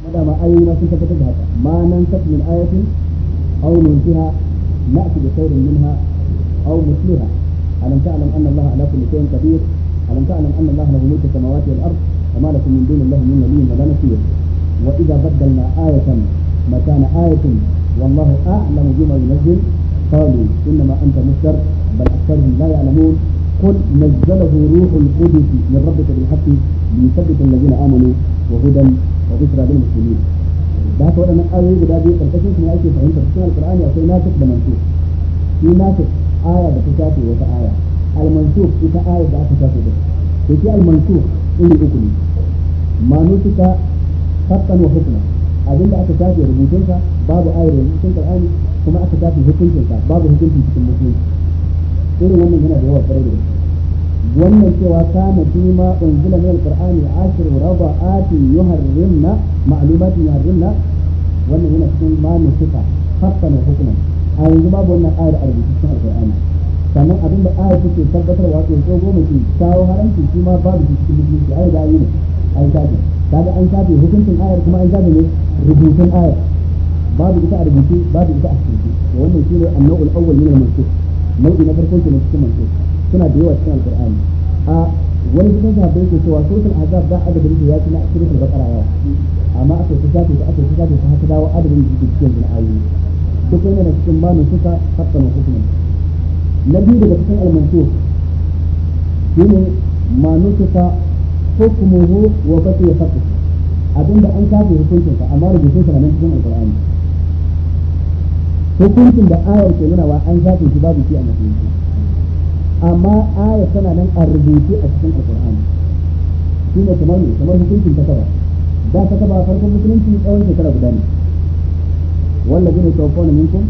مدام أي ما تثبت ما ننسك من آية أو ننسها نأتي بخير منها أو مثلها ألم تعلم أن الله على كل شيء قدير ألم تعلم أن الله له ملك السماوات والأرض وما لكم من دون الله من نبي ولا نصير وإذا بدلنا آية مكان آية والله أعلم بما ينزل قالوا إنما أنت مفتر بل أكثرهم لا يعلمون قل نزله روح القدس من ربك بالحق ليثبت الذين آمنوا وهدى وبشرى للمسلمين da haka waɗannan ayoyi guda biyu karkashin su ne ake fahimtar cikin alkur'ani akwai nasik da mansuk shi nasik aya da ta shafe wata aya al-mansuk ita aya da aka shafe da to shi al-mansuk iri uku ne manusuka haqqan wa hukman abin da aka shafe rubutun sa babu ayar rubutun Qur'ani kuma aka shafe hukuncin babu hukuncin cikin musulunci irin wannan yana da yawa kwarai da wannan cewa kana bima unzila min alqur'ani ashru rabaatin yuharrimna ma'lumatin yuharrimna wannan yana cikin mamu sifa haqqan wa hukumar a yanzu babu wannan ayar a rubutun alqur'ani sannan abin da ayar take tabbatarwa ko goma ce kawo haramci shi ma babu cikin musulunci ayar da yi ne an shafe kaga an shafe hukuncin ayar kuma an shafe ne rubutun ayar babu ita a rubuce babu ita a cikin to wannan shine a awwal min al-mansukh nau'i na farko kenan cikin mansukh suna da yawa cikin alqur'ani a wani cikin sahabbai yake cewa sautul azab da adadin da ya tuna cikin al-baqara yawa amma aka ta shafe ta aka ta shafe ta haka dawo adadin da yake cikin ayoyi duk wani na cikin ma nusuka hatta na hukumin na biyu daga cikin al-mansukh shine ma nusuka hukmuhu wa fatu fatu abinda an kafa hukuncin a amma rubutun na nan cikin alqur'ani hukuncin da ayar ke nuna wa an zaɓe shi babu shi a musulunci amma ayar tana nan a rubuce a cikin alqur'ani shi ne kamar ne kamar hukuncin ta kaba da ta kaba farkon musulunci tsawon shekara guda ne والذين يتوفون منكم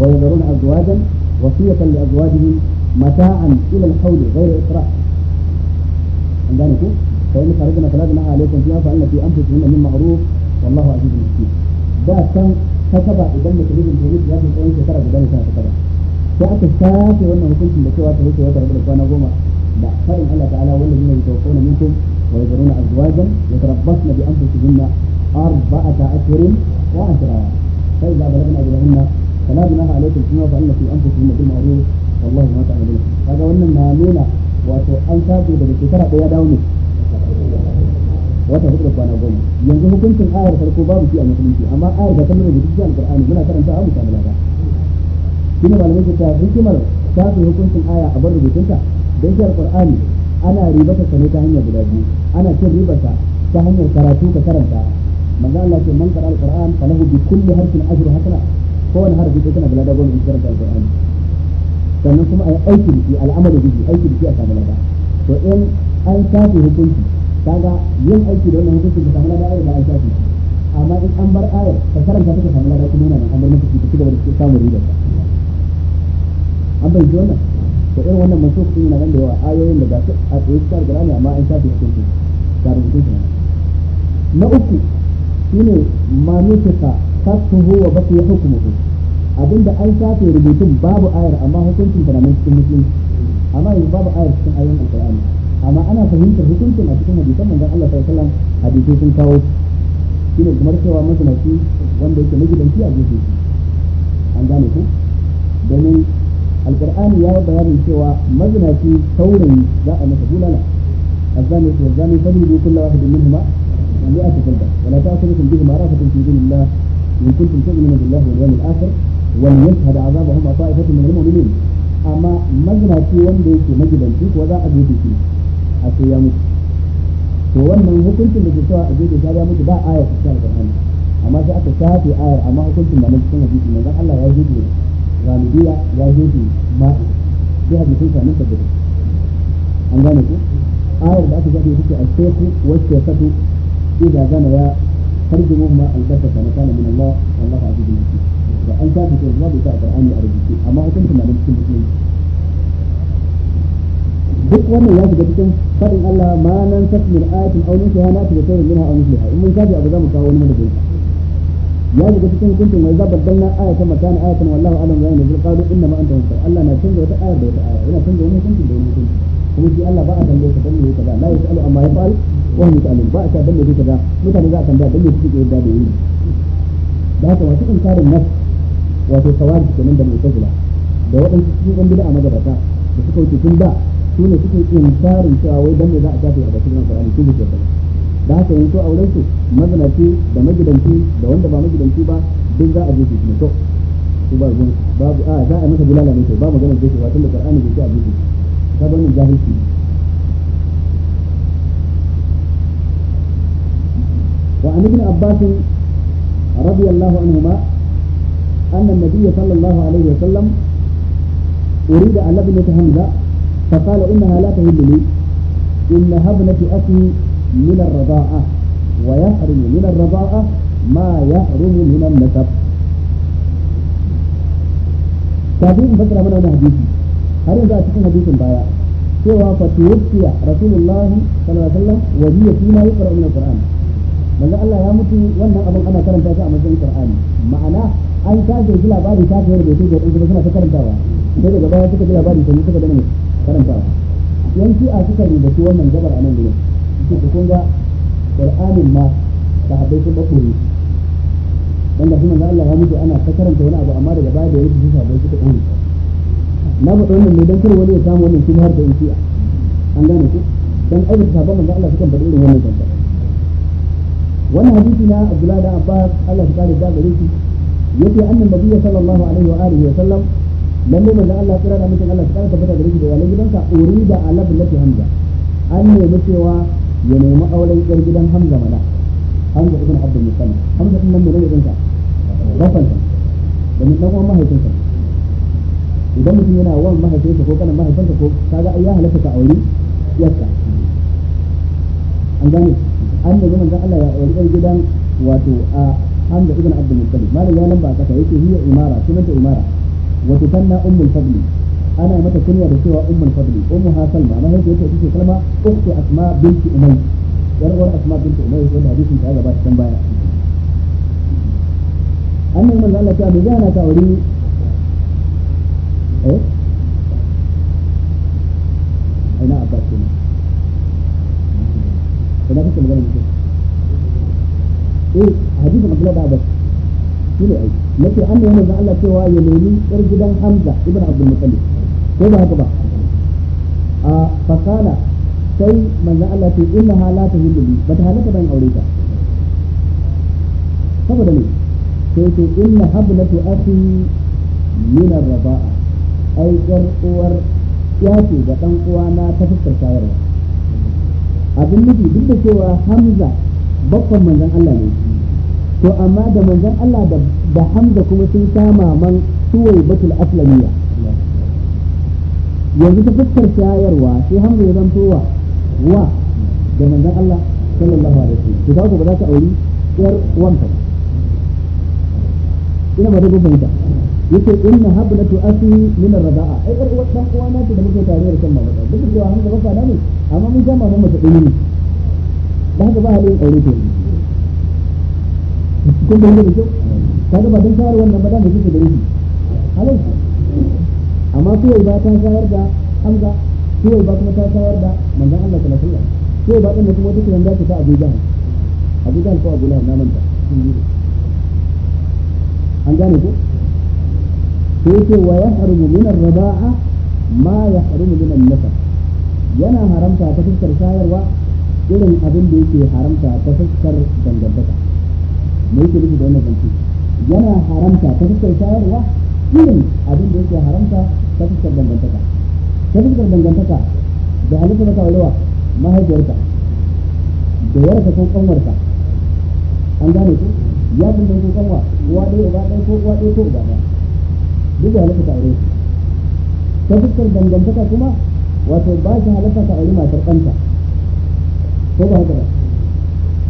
ويذرون أزواجا وصية لأزواجهم متاعا إلى الحول غير إسراف عندنا فإن خرجنا فلا جناح عليكم فيها فإن في أنفسهن من معروف والله عزيز حكيم. ده كان كتب إذا تريد أن تريد هذه الأولى كتب بدل سنة كتب. فأنت الشافي وأنه يكون في مكة وأنت يكون في مكة وأنت يكون لا فإن الله تعالى والذين يتوفون منكم ويذرون أزواجا يتربصن بأنفسهن أربعة أشهر وعشرة فإذا بلغنا أجلهن فلا جناح عليكم فيما فإن في أنفسهن بالمعروف والله ما تعلمون. هذا وأن النامونة وأنت أنت تريد أن تكتب بدل سنة wata hudu da kwana goma yanzu hukuncin ayar farko babu shi a musulunci amma ayar da ta nuna da a muna karanta a musa shi shine malamai ke ta hikimar tafi hukuncin aya a bar rubutunta da yake alqur'ani ana ribata ta ne ta hanyar guda biyu ana cin ribata ta hanyar karatu ka karanta manzo Allah ce man qara alqur'an falahu bi kulli harfin ajru hasana kowane harfi ko kana balada goma karanta alqur'ani sannan kuma a yi aiki da shi al'amalu bihi aiki da shi a samu lada to in an shafe hukunci kaga yin aiki da wannan hukunci ka samu ladan ayar da an shafe amma in an bar ayar ka karanta ta ka samu ladan kuma yana an bar maka ki cigaba da samun riba an bai ji wannan to irin wannan masu kuɗi na nan da yawa ayoyin da ba su a tsaye su karɓa ne amma an shafe hukunci ga rubutun shi na uku shine manuka ka tuhu wa basu ya abinda an shafe rubutun babu ayar amma hukuncin ta na nan cikin musulunci amma yanzu babu ayar cikin ayoyin alqur'ani amma ana fahimtar hukuncin a cikin hadisan manzon Allah sallallahu alaihi wasallam hadisai sun kawo shine kamar cewa masanaci wanda yake magidanci a gefe an gane ku domin alqur'ani ya bayanin cewa mazinaci saurayi za a masa bulala الزاني والزاني فليدوا كل واحد منهما مئة جلدة ولا تأخذكم بهما رأفة في دين الله إن كنتم تؤمنون بالله واليوم الآخر Wani yadda wal yashhadu azabahum ta'ifatu min al-mu'minin amma mazinaci wanda yake magidanci ko za a je da shi a ce ya mutu to wannan hukuncin da ke cewa a je da shi ya mutu ba aya ta alqur'ani amma sai aka shafe aya amma hukuncin da na cikin hadisi manzon Allah ya hiji ramidiya ya hiji ma'i sai hadisin sa nan tabbata an gane ku ayar da aka shafe take a sheku wacce fatu idan zana ya ta albatta kana min Allah wallahu azizun hakim da an ta fito kuma bai sa a Qur'ani a rubuce amma hukuncin na cikin musulunci duk wannan ya shiga cikin fadin Allah ma nan tasmin ayatin aw nusiha na ta sai minha aw nusiha in mun kaji abu zamu kawo wani madadin ya shiga cikin hukuncin wai zabbar danna ayatan makana ayatan wallahu alam wa yanzil qalu inna ma anta munkar Allah na canza wata ayar da wata aya yana canza wani hukuncin da wani hukunci kuma shi Allah ba a tambaye ka dan yake kaza la yasalu amma yafal wa hum yasalun ba a ta dan yake kaza mutane za a tambaya dan yake kike yadda da yi da haka wasu inkarin nafsi wato kawari kenan da mu'tazila da waɗansu cikin ɗan bid'a magabata da suka wuce tun da su ne suke tsarin cewa wai dan ne za a tafi a bakin alqur'ani su bisa ba da haka yanzu auren su mazinaci da magidanci da wanda ba magidanci ba duk za a je su to su ba gun babu a za a masa bulala ne to ba magana jefe wa tunda da bai ce a jefe ta ga wannan jahilci وعن ابن عباس رضي الله عنهما أن النبي صلى الله عليه وسلم أريد أن ابنة حمزة فقال إنها لا تهل لي إن ابنة أخي من الرضاعة ويحرم من الرضاعة ما يحرم من النسب kafin in fassara mana wannan hadisi har yanzu a cikin hadisin baya cewa fa tuwfiya rasulullah sallallahu alaihi wasallam wa hiya fi ma yuqra min alquran manzo Allah ya mutu wannan abin ana karanta shi a matsayin ma'ana an kace shi labari ta fiye da su tuka ɗin suna ta karantawa sai daga baya suka ji labari sai suka dana karantawa yanki a suka rubuta wannan gabar a nan gudun su ku kun ga qur'anin ma sahabbai sun bako ne dan da kuma Allah ya mutu ana ta karanta wani abu amma daga baya da yake sahabbai suka ɗaure na faɗi wannan ne don kar wani ya samu wannan shi har da yake an gane ku dan aibata ban da Allah Suka faɗi irin wannan tantar wannan hadisi na Abdullahi da Abbas Allah ya kare da gare shi yake annan nabiyyi sallallahu alaihi wa alihi wa sallam lalle manzon Allah kira da mutum Allah kira tabbata da da wani gidansa urida alab lati hamza an nemi cewa ya nemi auren yar gidan hamza mana hamza ibn abdul muttalib hamza din nan ne ne dinka bafansa domin dan uwan mahaifinsa idan mutum yana wan mahaifinsa ko kana mahaifinsa ko kaga ai ya halatta ka aure yarka an gane an nemi manzon Allah ya auri yar gidan wato a حمزة ابن عبد المطلب ما لي لم بعد يقول هي إمارة سنة إمارة وتسمى أم الفضل أنا متى كنيا بسوى أم الفضل أمها سلمى ما هي تقول سلمى أخت أسماء بنت أمي يرغب أسماء بنت أمي في الحديث من هذا بعد كم أنا أن من قال لك أبي جانا كأولي إيه أين أبغى كنا هنا في كلمة إيه hadisin Abdullah da ba shi ne aiki ce an nemi manzon Allah cewa ya nemi yar gidan Hamza ibn Abdul Muttalib ko ba haka ba a fasala sai manzan Allah ce inna halata ba bata halata ban aure ta saboda ne sai ce inna hablatu akhi min nuna rabaa ai uwar ya da ga dan uwana ta fuskar shayarwa abin nufi duk da cewa Hamza bakon manzan Allah ne to amma da manzon Allah da Hamza kuma sun kama man suwai batul aslamiya yanzu ta fuskar shayarwa sai Hamza ya zanto wa wa da manzon Allah sallallahu alaihi wa to ba za ta auri yar wanta ina ba ta gumbaita yace inna hablatu asli min ar-rida'a ai yar uwar dan na ce da muke tare da kan mama duk da Hamza ba fa ne amma mun jama'a mama mace ɗaya ne da haka ba halin aure ke kun da yake da kyau ta ba dan shayar wannan ba da kike da ruhi halal amma suwai ba ta shayar da hamza suwai ba kuma ta shayar da manzon Allah sallallahu alaihi wasallam suwai ba din da kuma take wanda ta Abu Jahl Abu Jahl ko Abu Lahab na manta an gane ko sai ce wa yahrumu min ar-rida'a ma yahrumu min an-nafas yana haramta ta fuskar shayarwa irin abin da yake haramta ta fuskar dangantaka me yake nufi da wannan zance yana haramta ta fuskar shayarwa irin abin da yake haramta ta fuskar dangantaka ta fuskar dangantaka da halitta maka aurewa mahaifiyarka da yarka ko kanwarka an gane ku ya kun da kanwa uwa ɗaya uba ɗaya ko uwa ɗaya ko uba ɗaya duk da halitta ka aure ta fuskar dangantaka kuma wato ba shi halitta ka aure matar ɗanta ko ba haka ba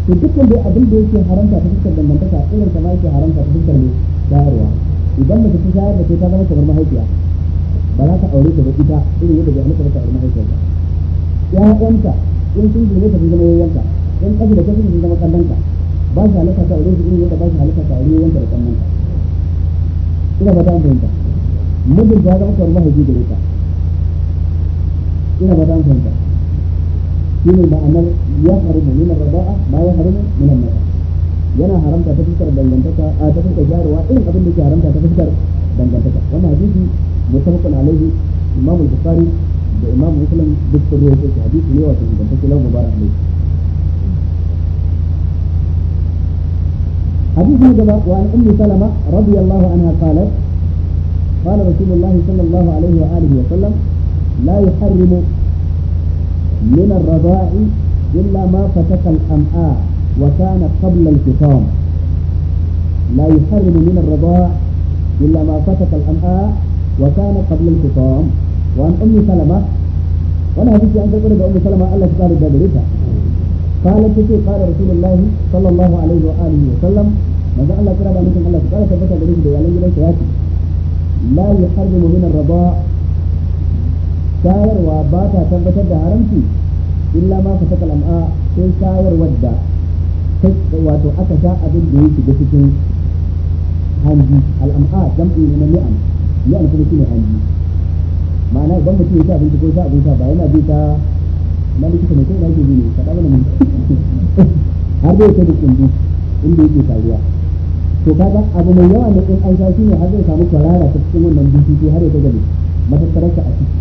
to dukkan dai abin da yake haramta ta fuskar dangantaka irin ta ma yake haramta ta fuskar ne shayarwa idan mace ta shayar da kai ta zama kamar mahaifiya ba za ta aure ta ba ita irin yadda bai halatta ta aure mahaifiyarta ƴaƴanta in sun girme ta sun zama yayyanka in ƙasa da kai sun zama kallonka ba shi halatta ta aure su irin yadda ba shi halatta ta aure yayyanka da kallonka ina ba ta fahimta mijin ta zama kamar mahaifi da ita ina ba ta fahimta شنو المعمل من الرضاعة ما يحرم من المتعة ينا حرم تتفكر بلنتك آتفك آه، جار وإن أبن لك حرم تتفكر بلنتك وما هذه متفق عليه الإمام البخاري بإمام مسلم بكتب له في الحديث ليه وسلم بلنتك له مبارك له حديث مجمع وعن أم سلمة رضي الله عنها قالت قال رسول الله صلى الله عليه وآله وسلم لا يحرم من الرضاع إلا ما فتك الأمعاء وكان قبل الفطام لا يحرم من الرضاع إلا ما فتك الأمعاء وكان قبل الفطام وعن أم سلمة وأنا حديثي أن تقول أم سلمة الله تقال الدابريتا قالت تشي قال رسول الله صلى الله عليه وآله وسلم ماذا الله كرم عليكم الله تقال ثبت بريد ويعلم جلس لا يحرم من الرضاع shayarwa ba ta tabbatar da haramci illa ma ka saka lam'a sai shayarwar da wato aka sha abin da ya shiga cikin hanji al'am'a jam'i ne na ni'am ni'am kuma ne hanji ma'ana idan mutum ya sha abinci ko sha abin sha ba yana bi ta na likita mai kai na yake bi ne kaɗa mana mutum har zai kai da kundi inda yake faruwa to kaga abu mai yawa ne in an sha shi ne har zai samu kwarara ta cikin wannan bututu har ya ta gani matattararsa a ciki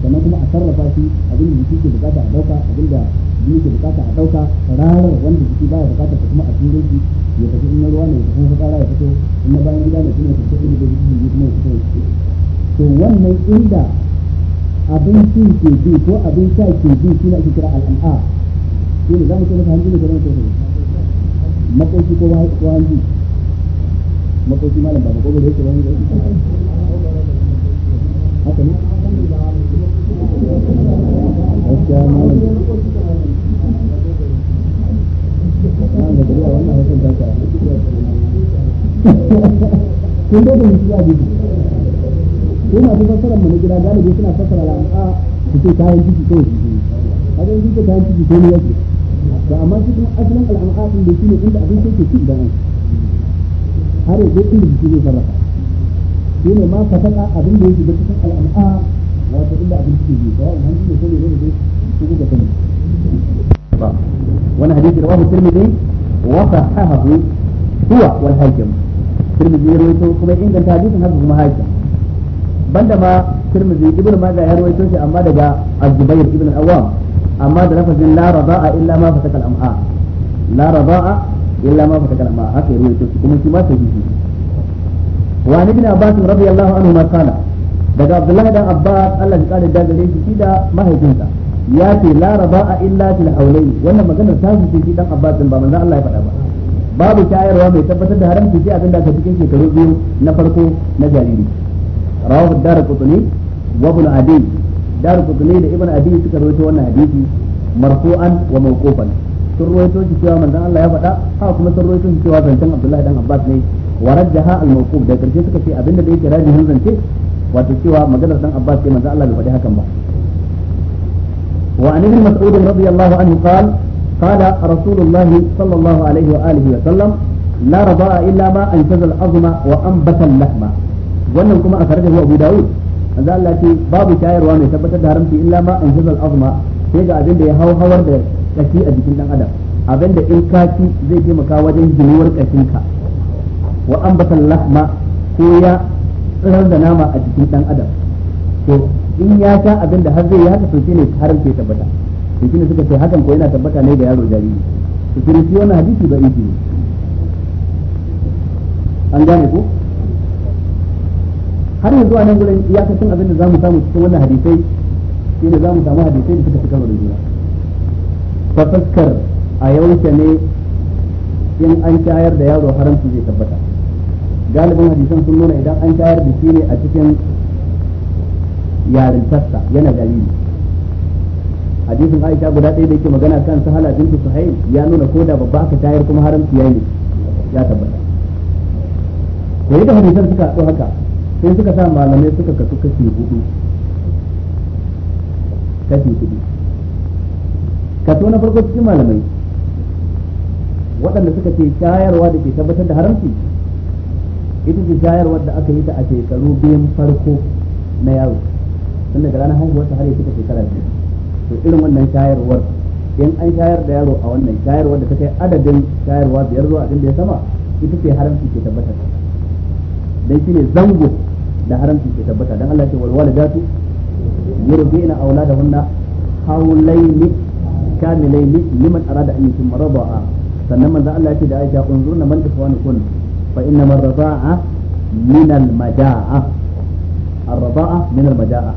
sannan kuma a sarrafa shi abin da jiki ke bukata a dauka abin da jini ke bukata a dauka rarar wanda jiki baya bukata ta kuma a turo shi ya tafi in ruwa ne ya tafi fitsara ya fito in na bayan gida ne kuma ya tafi da jiki ne kuma ya fito to wannan inda abincin ke bi ko abin sha ke bi shi ne ake kira al'am'a shi ne za mu ce masa hanji ne ko ranar ce makoki ko hanji makoki malam ba makoki da yake ba ne haka ne Kun da gariya wannan hutun kun dai masu fassarar mana gida galibi suna fassara al'a a ce kayan ciki kawai su ce kayan kayan ciki ko ne yake to amma cikin asalin al'am'a din da shine inda abin yake cin da an har yanzu inda jiki zai sarrafa shine ma fataka abin da yake da cikin al'am'a wato inda abin ke biyu ba wani hanji ne ko ne ne ko kuka sani ba wani hadisi rawahu tirmidhi wa sahahahu huwa wal hakim tirmidhi ya rawaito kuma inganta hadisin haka kuma hakim banda ma tirmidhi ibnu majah ya rawaito shi amma daga az-zubair ibn al-awwam amma da lafazin la raba'a illa ma fataka al-am'a la raba'a illa ma fataka al-am'a haka ya rawaito kuma shi ma sahihi وعن ابن عباس رضي الله عنهما قال daga Abdullah dan abbas Allah ya kare da gare shi da mahaifinsa ya ce la raba'a illa fil aulayn wannan maganar ta su shi dan abbas din ba manzo Allah ya faɗa ba babu shayarwa mai tabbatar da haramci sai abin da aka cikin shekaru biyu na farko na jariri rawahu darqutni wa ibn adi darqutni da ibn adi suka rawaito wannan hadisi marfu'an wa mawqufan sun rawaito shi cewa manzo Allah ya faɗa ha kuma sun rawaito shi cewa zancen Abdullah dan Abbas ne warajjaha jaha al-mawquf da karshe suka ce abinda da yake rajihin zance wato cewa maganar dan Abbas sai manzo Allah bai faɗi hakan ba wa an ibn mas'ud radiyallahu anhu qala qala rasulullah sallallahu alaihi wa alihi wa sallam la rabaa illa ma anjaza al-azma wa anbata al-lahma wannan kuma a karatu Abu Dawud manzo Allah ce babu shayarwa mai tabbatar da haramci illa ma anjaza al-azma sai ga abin da ya hawar da kashi a jikin dan adam abin da in kaci zai taimaka wajen ginuwar kashinka wa anbata al-lahma ko ya tsirar da nama a jikin dan adam to in ya sha abin da har zai yi haka to shine har ke tabbata to shine suka ce hakan ko yana tabbata ne ga yaro jariri to shine shi wannan hadisi ba yake ne an gane ko har yanzu a nan gurin iyakacin abin da zamu samu cikin wannan hadisai shine zamu samu hadisai da suka fi karo da juna fasaskar a yawanke ne in an shayar da yaro haramci zai tabbata galibin hadisan sun nuna idan an shayar da shi ne a cikin tasta yana jariri hadisin aisha guda ɗaya da yake magana kan sahala bintu suhail ya nuna ko da babba aka tayar kuma haramci yayi ne ya tabbata ko yadda hadisan suka haɗu haka sai suka sa malamai suka kasu kashi hudu kashi hudu kaso na farko cikin malamai waɗanda suka ce shayarwa da ke tabbatar da haramci ita ce shayarwar da aka yi ta a shekaru biyun farko na yaro tun daga ranar haihuwar ta har ya cika shekara biyu to irin wannan shayarwar in an shayar da yaro a wannan shayarwar da ta kai adadin shayarwa biyar zuwa abin da ya sama ita ce haramci ke tabbatar dan shine zango da haramci ke tabbata dan Allah ya ce wal walidatu yurdina auladahunna hawlaini kamilaini liman arada an yutimma radaa sannan manzo Allah ya ce da Aisha unzurna man tafawani kun فإنما الرضاعة من المجاعة الرضاعة من المجاعة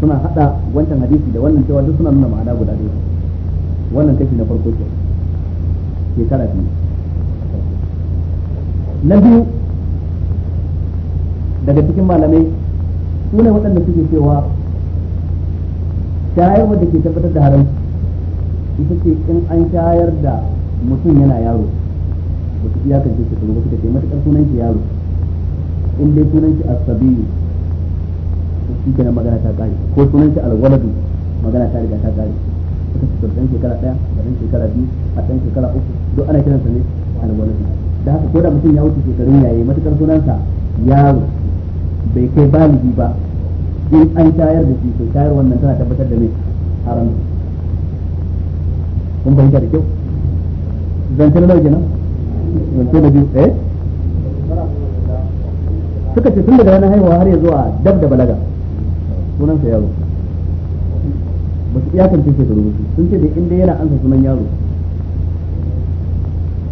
suna hada wancan hadisi da wannan cewa duk suna nuna ma'ana guda ɗaya wannan kashi na farko ke shekara biyu na biyu daga cikin malamai su ne waɗanda suke cewa shayar wanda ke tabbatar da haramci ita ce in an shayar da mutum yana yaro ba su iyakance shekaru ba suka ce matuƙar sunan shi yaro in dai sunan shi asabiyu shi kenan magana ta ƙare ko sunan shi alwaladu magana ta riga ta ƙare suka ce ɗan shekara ɗaya da ɗan shekara biyu a ɗan shekara uku duk ana kiransa ne alwaladu da haka ko da mutum ya wuce shekarun yaye matuƙar sunansa yaro bai kai baligi ba in an tayar da shi to tayar wannan tana tabbatar da me haramun kun bayyana da kyau zancen lau kenan da biyu eh suka ce tun daga ranar haihuwa har ya zuwa dab da balaga sunansa yaro ba su iyakance shekaru ba sun ce da inda yana ansa sunan yaro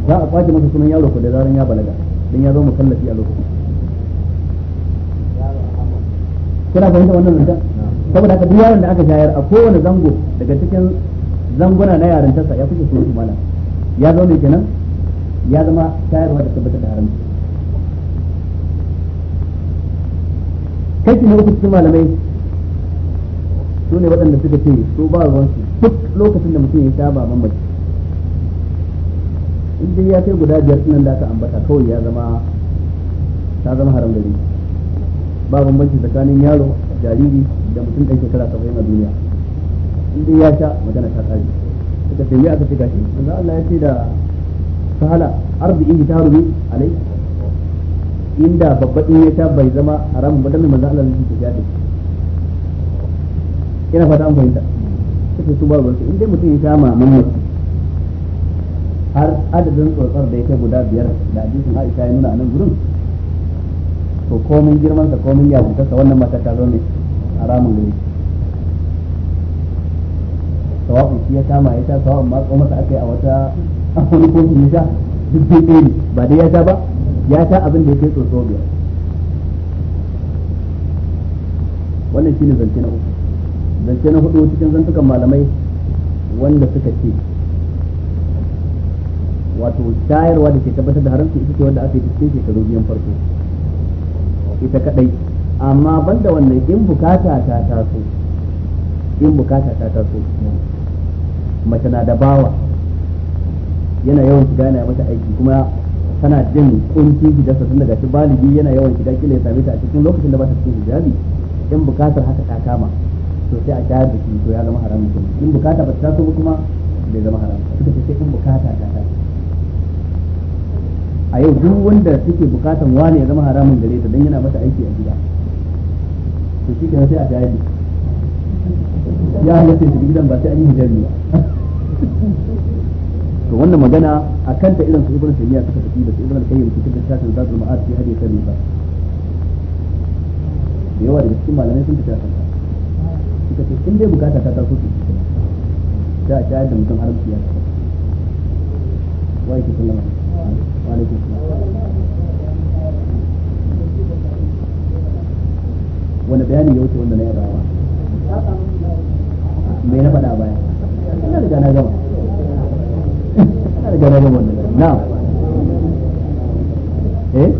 za a kwace masa sunan yaro ko da zaran ya balaga don ya zo mukallafi a lokacin kuna fahimta wannan zanta saboda haka duk yaron da aka shayar a kowane zango daga cikin zanguna na tasa ya kusa sunan mana ya zo ne kenan ya zama tayarwa da tabbatar da haramci kai na wasu cikin malamai su ne waɗanda suka ce su ba ruwansu duk lokacin da mutum ya sha ba mamaci in dai ya kai guda biyar sunan da aka ambata kawai ya zama ta zama haram gari ba bambanci tsakanin yaro jariri da mutum ɗan shekara saba'in a duniya in dai ya sha magana ta ƙari suka ce aka ce gashi Allah ya ce da fahala in ta rubi alai inda babbaɗin ya ta bai zama haramun ba dalilin manzo Allah ne ke sha ina fata an fahimta kace su ba ruwansu in dai mutum ya sha maman har adadin tsotsar da ya kai guda biyar da hadisin Aisha ya nuna a nan gurin to mun girman sa ya yawunta sa wannan mata ta zo ne haramun gari sawa'un shi ya kama ya ta sawa'un ma tsoma aka yi a wata ko na kofi ya sha duk dai ɗaya ne ba dai ya sha ba ya sha abin da ya kai tsotso biyar wannan shine zance na uku zance na hudu cikin zantukan malamai wanda suka ce wato shayarwa da ke tabbatar da haramci ita ce wanda aka yi cikin shekaru biyan farko ita kadai amma banda wannan in bukata ta taso in bukata ta taso mace na da bawa yana yawan shiga yana mata aiki kuma tana jin kunci gidansa tun daga shi baligi yana yawan shiga kila ya same ta a cikin lokacin da ba ta cikin hijabi in bukatar haka ta kama to sai a shayar da shi to ya zama haramun kuma in bukata ba ta taso ba kuma bai zama haramun suka ce sai in bukata ta taso a yau duk wanda suke bukatan wani ya zama haramun gare ta dan yana mata aiki a gida to shi kenan sai a shayar da ya halatta shi gidan ba sai an yi hijabi ba to wannan magana a kanta irin su ibnu taymiya suka tafi da ibnu al-qayyim cikin littafin zadul ma'ad fi hadi kalmi ba da yawa daga cikin malamai sun tafi a kanta suka ce in dai bukata ta taso su da ta shayar da mutum haramci ya tafi wa yake sallama wa alaikum wani bayani ya wuce wanda na yi rawa me na faɗa baya ina riga na gama daga nan wannan na'am eh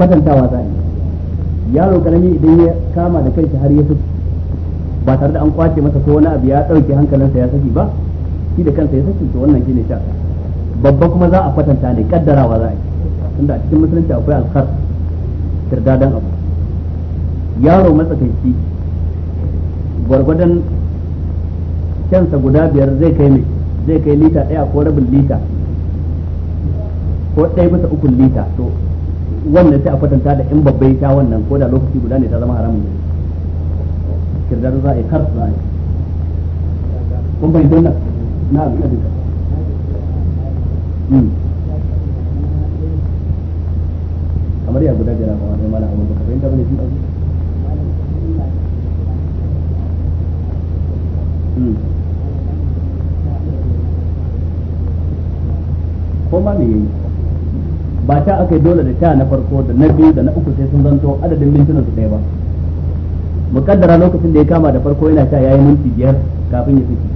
kwatantawa za yaro karami idan ya kama da kanshi har ya fito ba tare da an kwace masa ko wani abu ya dauke hankalinsa ya saki ba shi da kansa ya saki to wannan shine sha babba kuma za a kwatanta ne kaddarawa za a yi tunda a cikin musulunci akwai alkhar kirdadan abu yaro matsakaici gwargwadon kyansa guda biyar zai kai mai zai kai lita ɗaya ko rabin lita ko ɗaya bisa ukun lita to wannan sai a kwatanta da in babbai ta wannan ko da lokaci guda ne ta zama haramun ne kirdar za a yi kar za a yi kun bai na abin abin kamar ya guda jira kuma wani mana abu kafin fahimta bane tun hmm. ko ma me yayi ba ta aka yi dole da ta na farko da na biyu da na uku sai sun zanto adadin mintunan su ɗaya ba mukaddara lokacin da ya kama da farko yana sha yayi minti biyar kafin ya saki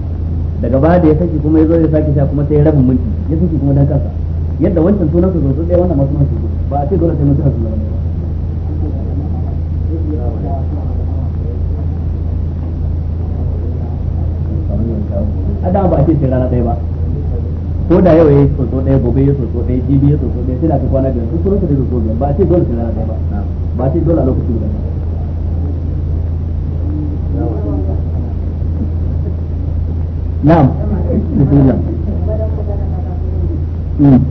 daga baya da ya saki kuma ya zo ya sake sha kuma sai rabin minti ya saki kuma dan kansa yadda wancan sunan su sosai ɗaya wannan masu sunan ba a ce dole sai mutum a da ba a ce sai rana ɗaya ba ko da yau soso ɗaya gobe soso ɗaya soso ɗaya sai da kwana biyar su kuma sai soso biyar ba a ce dole sai rana ɗaya ba ba a ce dole a lokaci guda na'am bismillah hmm.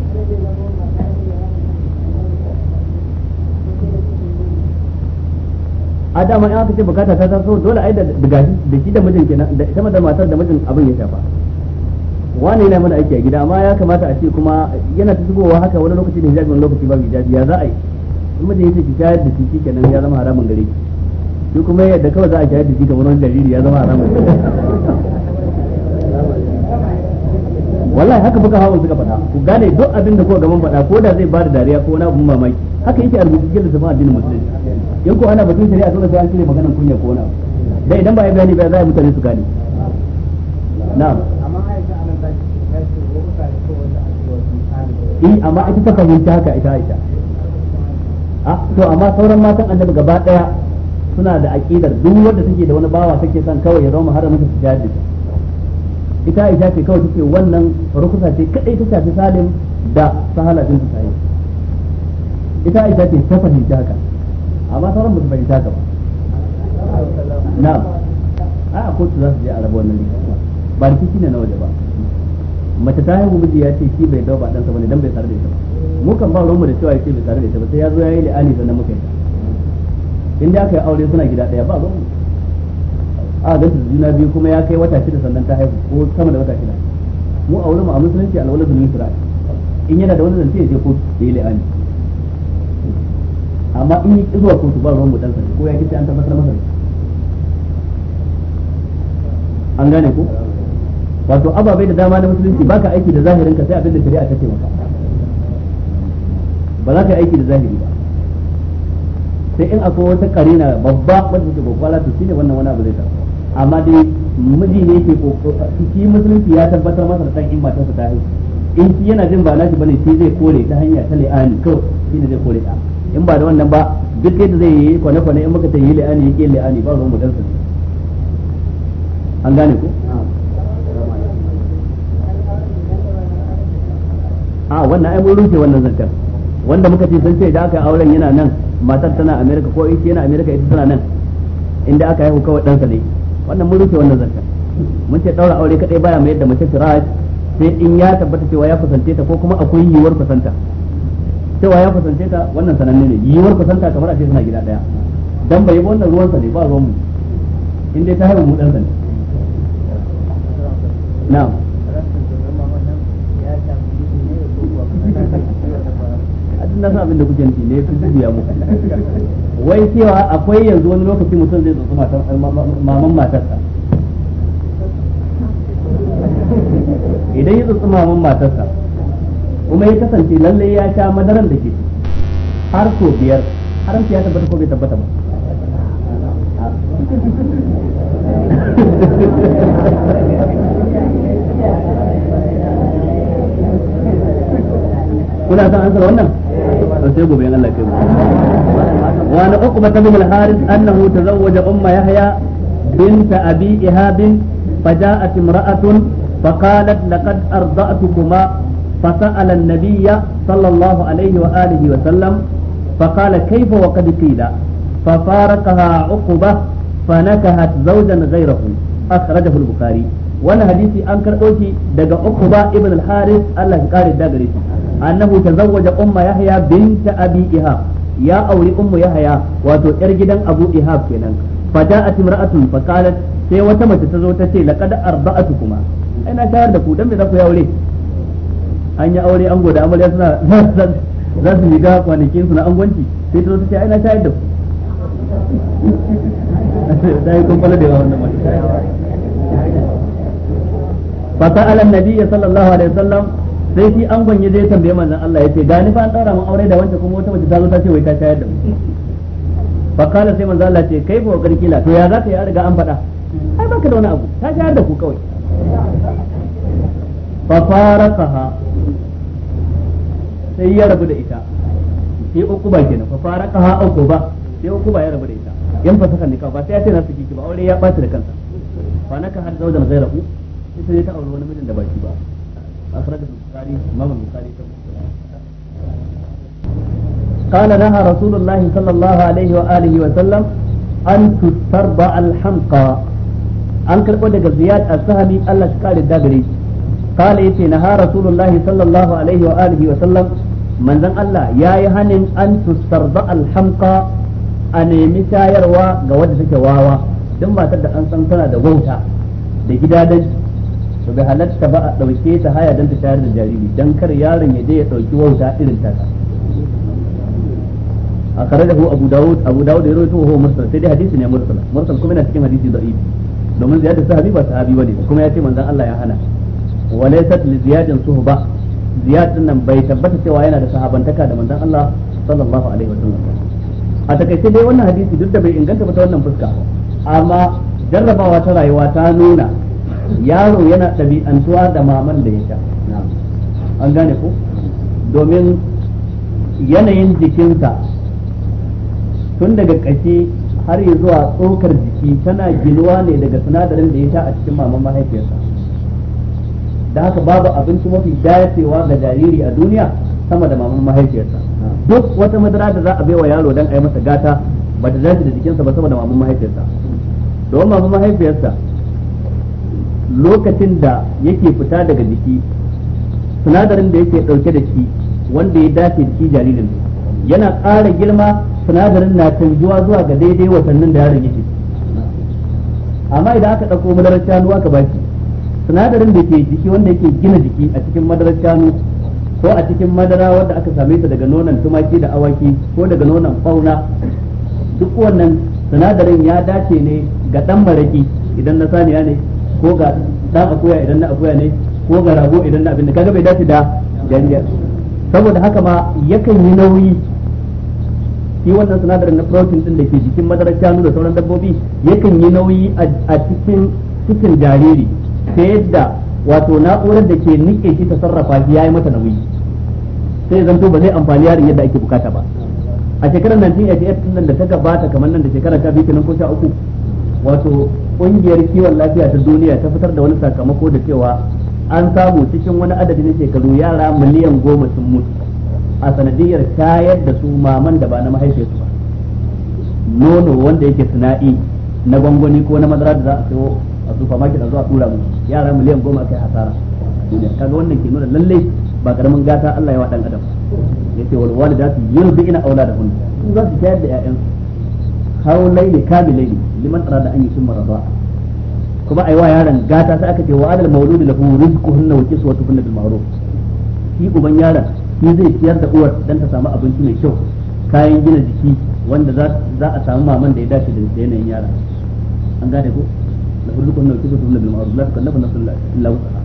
a dama in aka ce bukata ta taso dole ai da da shi da mijin kenan da ita da matar da mijin abin ya shafa wani yana mana aiki a gida amma ya kamata a ce kuma yana ta shigowa haka wani lokaci da hijabi wani lokaci ba hijabi ya za a yi in mijin yake ki shayar da shi kenan ya zama haramun gare shi shi kuma yadda kawai za a shayar da shi kamar wani jariri ya zama haramun gare wallahi haka buka hawa suka faɗa ku gane duk abin da ko gaban faɗa ko da zai ba da dariya ko wani abin mamaki haka yake a rubuce da zama addinin musulunci in ko ana batun shari'a dole sai an cire maganar kunya ko wani dai idan ba ya bayani ba za a mutane su gane na'am eh amma ita ta fahimta haka ita Aisha a to amma sauran matan annabi gaba daya suna da aqidar duk wanda take da wani bawa take son kawai ya zama haramin su jaji ita Aisha ce kawai take wannan rukusa ce kadai ta shafi Salim da sahala din ta yi ita Aisha ce ta fahimta haka amma sauran musu bai ta ba na a kotu za su je a rabu wannan rikici ba rikici ne na waje ba mace ta haihu miji ya ce shi bai dawo ba ɗansa bane dan bai tsare da ita ba mu kan ba ruwanmu da cewa ya ce bai tsare da ita ba sai ya zo ya yi li'ani sannan muka yi ta inda aka yi aure suna gida ɗaya ba ruwanmu a ga juna biyu kuma ya kai wata shida sannan ta haihu ko sama da wata shida mu aure mu a musulunci alwala zulmi sura in yana da wani zance ya je kotu ya yi li'ani amma in yi zuwa kotu ba ruwan mutansa ko ya kice an tabbatar masa an gane ko wato ababai da dama na musulunci baka aiki da zahirin ka sai abin da shari'a ta ce maka ba za ka yi aiki da zahiri ba sai in akwai wata karina babba wadda take kokwala to shine wannan wani abu zai tafi amma dai miji ne ke shi musulunci ya tabbatar masa da san in matarsa ta haihu in shi yana jin ba nashi bane shi zai kore ta hanya ta li'ani kawai shine zai kore ta in ba da wannan ba duk yadda zai yi kwane kwane in muka tayi li'ani yake li'ani ba ruwan mutansa an gane ku. a wannan ai mun rufe wannan zancen wanda muka ce sun ce da aka auren yana nan matar tana Amerika ko ita yana Amerika ita tana nan inda aka haihu kawai ɗansa ne wannan mun rufe wannan zancen mun ce ɗaura aure kadai baya mai yadda mace firaj sai in ya tabbata cewa ya kusance ta ko kuma akwai yiwuwar kusanta cewa ya kusance ta wannan sananne ne yiwuwar kusanta kamar a ce suna gida daya dan bai yi wannan ruwan sa ne ba ruwan mu in dai ta haihu mu dan sa ne na'am na na abin da kuke nufi ne sun dubiya mu wai cewa akwai yanzu wani lokaci mutum zai tsotsi matar maman matarsa idan ya tsotsi maman matarsa kuma ya kasance lalle ya sha madaran da ke har so biyar haramci ya tabbata ko bai tabbata ba kuna san ansar wannan to sai gobe in Allah kai mu wa na uqba bin al-haris annahu tazawwaja umma yahya bint abi ihab فجاءت امرأة فقالت لقد أرضأتكما فسأل النبي صلى الله عليه وآله وسلم فقال كيف وقد قيل ففارقها عقبة فنكهت زوجا غيره أخرجه البخاري وانا حديثي أنكر أوتي دقى عقبة ابن الحارث الله قال الدقري أنه تزوج أم يحيى بنت أبي إيهاب يا أولي أم يحيى واتو إرجدا أبو إيهاب كنان فجاءت امرأة فقالت sai wata mace ta zo ta ce laqad arba'atukuma ina shayar da ku dan me za ku yaure an yi aure an goda amarya suna za su shiga kwanakin su na angwanci sai ta zata ce aina na shayar da ku da yi kumfala da yawa wannan sallallahu alaihi wasallam sai shi angon ya je tambaye manzon Allah ya ce. gani fa an daura mun aure da wancan kuma wata mace ta zo ta ce wai ta shayar da mu fa kala sai manzon Allah ce kai ba karki la to ya za ta yi riga an faɗa ai baka da wani abu ta shayar da ku kawai fa faraqaha sai ya rabu da ita sai uku ba kenan fa faraka ha ba sai uku ba ya rabu da ita yan fasakan nika ba sai ya ce na saki ki ba aure ya bace da kansa fa naka har zaujan ghairahu sai sai ta aure wani mijin da baki ba akhrajahu bukhari imam bukhari ta قال لها رسول الله صلى الله عليه وآله وسلم أن تسترضع الحمقى أن كربو زياد السهمي الله شكال الدغري قال يتي نهى رسول الله صلى الله عليه وآله وسلم manzon Allah ya yi hanin an tustarda alhamka a nemi tayarwa ga wanda take wawa duk matar da an san tana da wauta da gidadanci to bai halatta ba a dauke ta haya don ta tayar da jariri don kar yaron ya je ya dauki wauta irin ta a kare da Abu Dawud Abu Dawud ya rawaito wa mursal sai dai hadisi ne mursal mursal kuma yana cikin hadisi da da'if domin ziyadar sahabi ba sahabi ne kuma ya ce manzon Allah ya hana walaysat li ziyadin suhba ziyad nan bai tabbata cewa yana da sahabantaka da manzon Allah sallallahu alaihi wa sallam a takaice dai wannan hadisi duk da bai inganta ba ta wannan fuska amma jarrabawa ta rayuwa ta nuna yaro yana ɗabi'antuwa da maman da ya sha an gane ko domin yanayin jikinsa tun daga ƙashi har zuwa tsokar jiki tana ginuwa ne daga sinadarin da ya sha a cikin maman mahaifiyarsa da haka babu abinci mafi dacewa ga jariri a duniya sama da maman mahaifiyarsa duk wata madara da za a bai wa yaro dan a yi masa gata ba ta zafi da jikinsa ba sama da maman mahaifiyarsa don maman mahaifiyarsa lokacin da yake fita daga jiki sinadarin da yake dauke da shi wanda ya dace da shi jaririn yana ƙara girma sinadarin na canjuwa zuwa ga daidai watannin da yaron yake amma idan aka ɗauko madarar shanuwa ka baki sinadarin da ke jiki wanda yake gina jiki a cikin madarar shanu ko a cikin madara wanda aka same ta daga nonon tumaki da awaki ko daga nonon fauna duk wannan sinadarin ya dace ne ga dan maraki idan na saniya ne ko ga dan akuya idan na akuya ne ko ga rago idan na abin da kaga bai dace da jariya saboda haka ma yakan yi nauyi shi wannan sinadarin na protein din da ke jikin madarar shanu da sauran dabbobi yakan yi nauyi a cikin cikin jariri ta yadda wato na'urar da ke nike shi ta sarrafa ya yi mata nauyi sai zanto ba zai amfani yarin yadda ake bukata ba a shekarar 1988 nan da ta gabata kamar nan da shekarar ta biyu kenan ko sha uku wato ƙungiyar kiwon lafiya ta duniya ta fitar da wani sakamako da cewa an samu cikin wani adadi adadin shekaru yara miliyan goma sun mutu a sanadiyar shayar da su maman da ba na su ba nono wanda yake sina'i na gwangwani ko na madara da za a a supermarket a zuwa tura mu yara miliyan goma kai hasara ga wannan ke nuna lallai ba karamin gata Allah ya wa dan adam yace wal walidatu da auladahun su za su tayar da ƴaƴan haulaini laili liman arada an yusimma rida kuma ai wa yaron gata sai aka ce wa adal mawludi lahu rizquhunna wa kiswatuhunna bil ma'ruf shi uban yaron shi zai ciyar da uwar dan ta samu abinci mai kyau kayan gina jiki wanda za a samu maman da ya dace da yanayin yaron an gane ko lafurukun nan kisu tun bil ma'ruf la takallafu nafsun illa wus'aha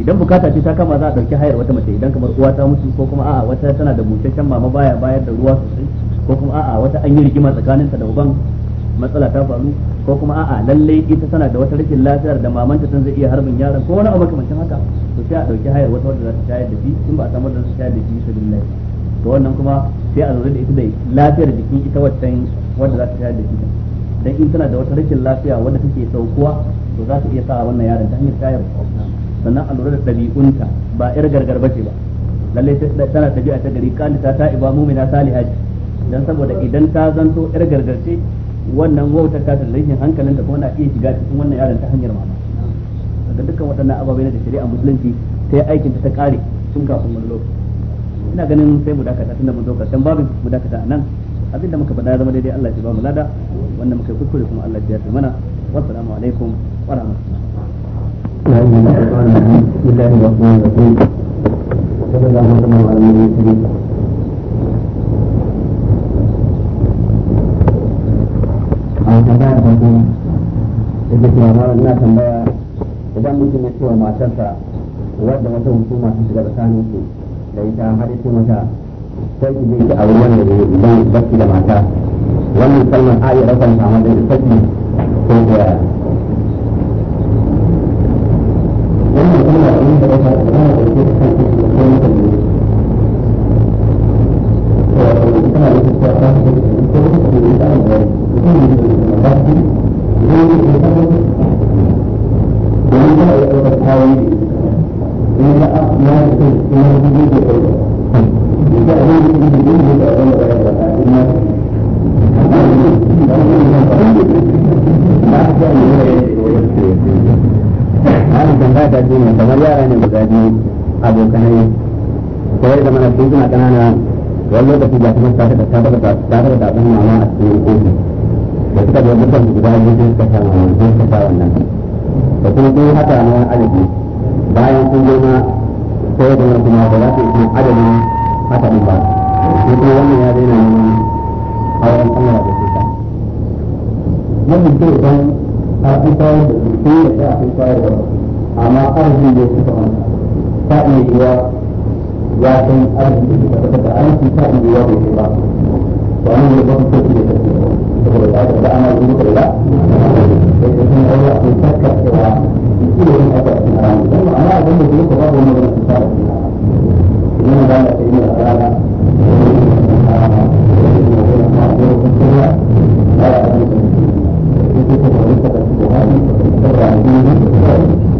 idan bukata ce ta kama za a dauki hayar wata mace idan kamar uwa ta mutu ko kuma a'a wata tana da mutaccen mama baya bayar da ruwa sosai ko kuma a'a wata an yi rigima tsakaninta da uban matsala ta faru ko kuma a'a lalle ita tana da wata rashin lafiyar da mamanta tun zai iya harbin yaron ko wani abu makamancin haka to sai a dauki hayar wata wadda za ta shayar da shi in ba a samar da su shayar da shi sabilillahi to wannan kuma sai a lura da ita da lafiyar jikin ita wata wadda za ta shayar da shi dan in tana da wata rashin lafiya wanda take saukuwa to za ta iya sa wannan yaron ta hanyar shayar sannan a lura da dabi'unta ba yar gargar ce ba lalle tana tabi'a ta gari kan ta iba mumina saliha dan saboda idan ta zanto yar ce wannan wautar ta da rikin hankalin da kuma na iya shiga cikin wannan yaron ta hanyar mama daga dukkan waɗannan ababai na da shari'a musulunci sai aikin ta ta kare tun kafin wani lokaci ina ganin sai mu dakata tunda mun zo karshen babin mu dakata nan abinda muka faɗa zama daidai Allah ya ba mu lada wanda muka kuskure kuma Allah ya yafe mana wassalamu alaikum wa rahmatullahi tambaya da farko yake ina tambaya idan mutum ya ce wa matarsa wadda wata hukuma ta shiga tsakanin su da ita har mata sai ki je ki aure wanda zai idan baki da mata wannan kalmar a iya ɗaukar ta da saki ko da gadi ne kamar yara ne guda biyu abokanai kawai zama na cikin suna ƙanana wani lokaci da kuma ta da ta da ta da ta mama a cikin kofi da suka zo dukkan su guda biyu sun kasa mama sun kasa wannan da kuma sun haka na wani adadi bayan sun zo na kawai zama na kuma ba za su yi adadin haka din ba sai kuma wannan ya daina neman auren Allah da su ta. Mun mutum idan a fi kawai da su ne a fi kawai da su amma arzikin da suka manta ta iya yiwa ya san arzikin da suka tafi da arziki ta iya yiwa da ke ba to an yi wasu sosai da tafiya saboda ya tafi da ana yi da ya da ke san yawon a kan takar cewa ikiro yin aka cikin ranar don ba ana abin da ke yi ba ko wani wani cuta da ke ba idan ba na ta yi da rana Thank you.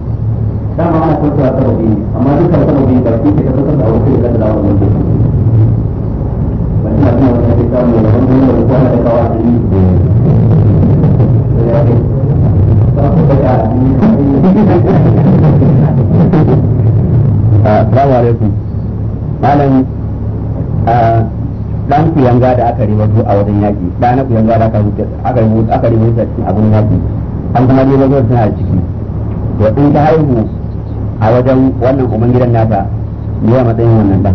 dama ana son cewa sababi amma dukkan sababi ba shi ke tabbatar da aure da da wannan ke ba shi na kuma wani kisa wani wani wani kwana da kawa da yi da ya ke ba ku da ka Assalamu ah, alaikum. Malam dan ah, kuyanga da aka ribato a wajen yaki da na kuyanga da aka ribato a cikin abin yaki an kuma ribato tana ciki to in ta haihu a wajen wannan uban gidan nata ne matsayin wannan ba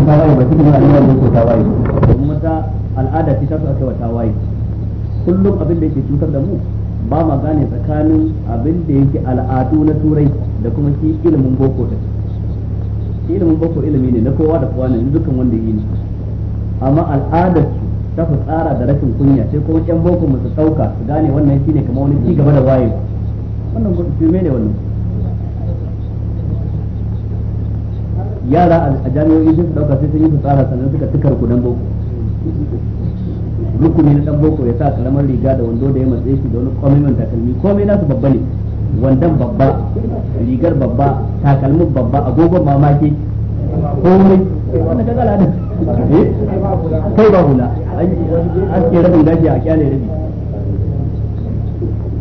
masa tawaye ba cikin al'ummar da yake tawaye domin wata al'ada ce ta su aka tawaye kullum abin da yake cutar da mu ba ma gane tsakanin abin da yake al'adu na turai da kuma shi ilimin boko ta ilimin boko ilimi ne na kowa da kowa ne dukkan wanda yi ne amma al'adar su ta fi tsara da rashin kunya sai kuma yan boko masu su su gane wannan shi ne kamar wani ci gaba da wayewa wannan gudu ne wannan yara a jami'o'i sun dauka sai sun yi tsara sannan suka tukar ku dan boko rukuni na dan boko ya sa karamar riga da wando da ya matse shi da wani komai takalmi komai nasu babba ne wandan babba rigar babba takalmin babba agogon mamaki komai wanda ka gala da eh? kai ba hula an ke rabin gashi a kyale rabi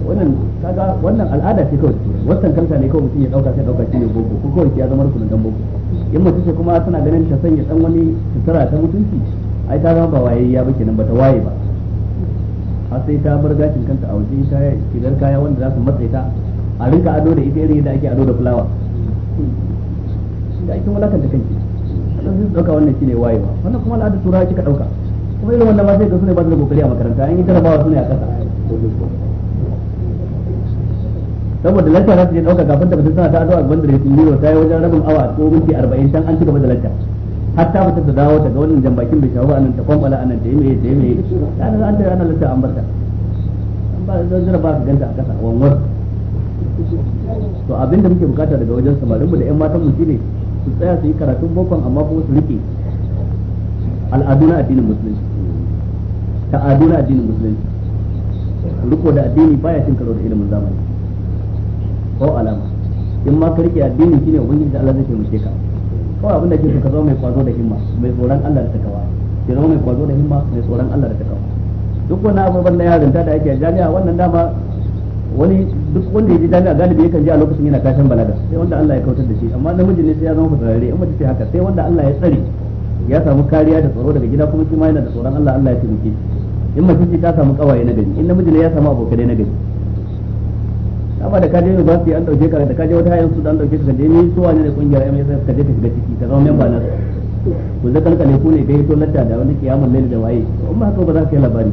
wannan kaga wannan al'ada ce kawai wasan kalta ne kawai mutum ya dauka sai dauka shi ne boko ko kawai ya zama rukunin dan boko in mace ce kuma tana ganin ta sanya dan wani sutura ta mutunci ai ta zama ba ya ba nan ba ta waye ba har sai ta bar gashin kanta a waje ta shigar kaya wanda za su matsa ta a rinka ado da ita irin yadda ake ado da fulawa da wadatar da kanki wannan sun su dauka wannan shine ba wannan kuma al'adar turawa kika dauka kuma irin wannan ma sai ka sune ba da kokari a makaranta an yi jarabawa sune a kasa saboda lacca za su je dauka kafin ta fita suna ta addu'a gaban da sun yi ta yi wajen rabin awa ko minti arba'in shan an ci gaba da har ta fita ta dawo ta ga wannan jambakin bai shawo anan ta kwambala anan da yeme da yeme ta yi an ta da ana lacca an barta an ba da zan jira ba ka ganta a kasa wanwar to abin da muke bukata daga wajen samarinmu da yan matan mu shine su tsaya su yi karatun bokon amma kuma su rike al'adu na addinin musulunci ta'adu na addinin musulunci riko da addini baya cin karo da ilimin zamani ko alama in ma ka rike addini shine ubangiji Allah zai taimake ka kawai abinda ke so ka zama mai kwazo da himma mai tsoron Allah da takawa ki zama mai kwazo da himma mai tsoron Allah da takawa duk wani abubuwan na yarinta da ake jami'a wannan dama wani duk wanda ya ji jami'a galibi yakan ji a lokacin yana kashin balaga sai wanda Allah ya kautar da shi amma namiji ne sai ya zama fasarare in mace sai haka sai wanda Allah ya tsare ya samu kariya da tsaro daga gida kuma shi ma yana da tsoron Allah Allah ya taimake shi in mace ce ta samu kawaye na gari in namiji ne ya samu abokai na gari amma da kaje ba su an dauke ka da kaje wata hayan su dan dauke ka je ni su wani ne kungiyar sai ka je ka shiga ciki ka zama memba na ku zaka kalkale ku ne kai to latta da wani kiyamul lail da waye in ba haka ba za ka yi labari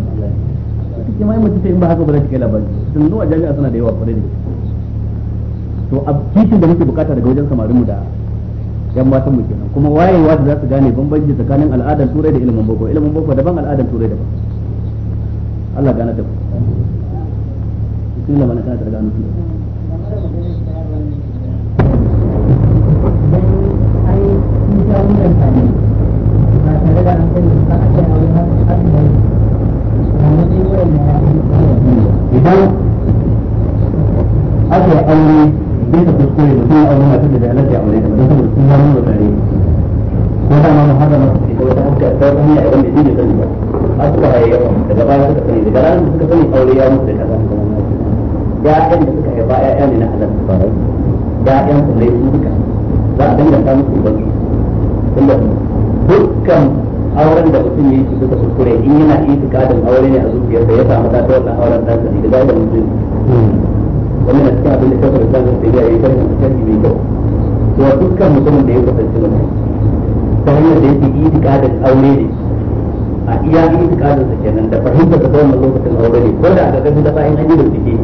kike mai mutum in ba haka ba za ka yi labari sun zuwa jami'a suna da yawa kware ne to a kishin da muke bukata daga wajen mu da yan matan mu kenan kuma wayewa da za su gane bambanci tsakanin al'adar turai da ilimin boko ilimin boko daban al'adar turai daban Allah gane da ku kila mana ta targa musu idan aka yi aure bisa kuskure da kuma aure masu da dalar da aure da saboda sun zama da tare ko da ma muharram su ce wata hanta ta wani ya wanda zai ba a suka haye yawan daga baya suka sani daga ranar suka sani aure ya mutu da kaza ya'yan da suka haifa ya'ya ne na halal barai ya'yan su ne su duka za a danganta musu ubangi tunda dukkan auren da mutum ya yi su suka kuskure in yana itikadin aure ne a da ya samu ta wannan auren da ta da da mutum wannan na cikin abin da kafar da ta ya yi kafin kafi mai kyau to dukkan mutumin da ya kasance wannan ta hanyar da ya yake itikadin aure ne a iya itikadin sa kenan da fahimtar da wannan lokacin aure ne ko da aka ga da bayan an yi bincike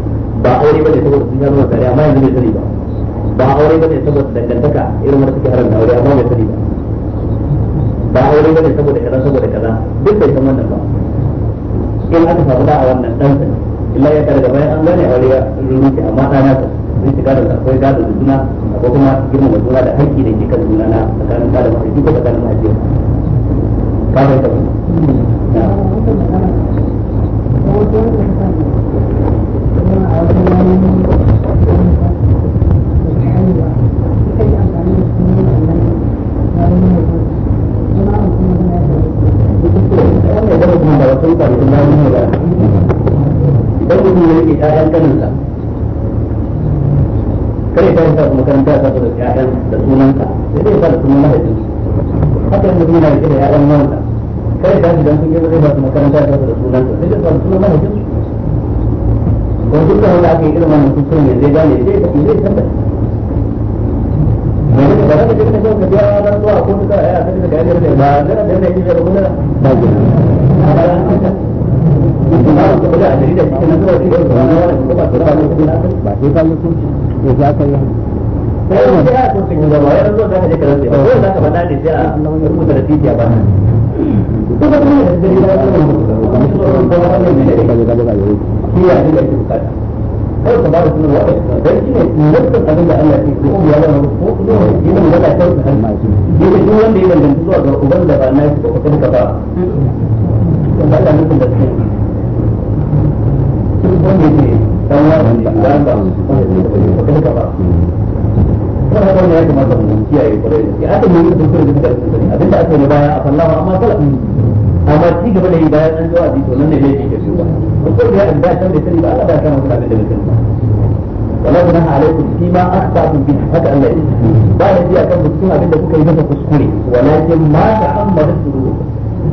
ba aure bane saboda sun zama tare amma yanzu bai sani ba ba aure bane saboda dangantaka irin wanda suke haramta aure amma bai sani ba ba aure bane saboda kaza saboda kaza duk bai san wannan ba in aka samu da a wannan dan sa illa ya tare da bayan an gane aure ya ke amma da na zai shiga da akwai gado da juna ko kuma girma juna da haƙƙi da ke kan juna na tsakanin da mahaifi ko tsakanin mahaifiya ka bai ta na makaranta ta da sunan ta sai da sunan mahaifinsu ಬದುಕ ಹೋಗಾಕಿದ್ರೆ ಒಂದು ಕುಟುಂಬ ನಿರ್ದೇಶ ನಿಜವಾದಂತೂ ಅಕೌಂಟ್ ಬಾಕಿ ಬಂದ ಬಟ್ಟೆ ಬಂದ ಬಂದ kar ka ba da sunan wata dan shi ne da Allah ya ko ya wani ko ne ta ta wanda zuwa ga uban da ba na shi ba ba da mutum da shi ke dan wani da ba ko ba kuma ya kamata mu kiyaye da da baya a fallawa amma kala amma ci gaba da yi bayan an zuwa to nan ne ne yake ciwo ba ko da an da san da sani ba Allah ba kana mutaka da mutum wala gunaha alaikum fi ma asbatu bi haka Allah ya ba da ji akan mutum abin da kuka yi masa kuskure walakin ma ta'ammadu suru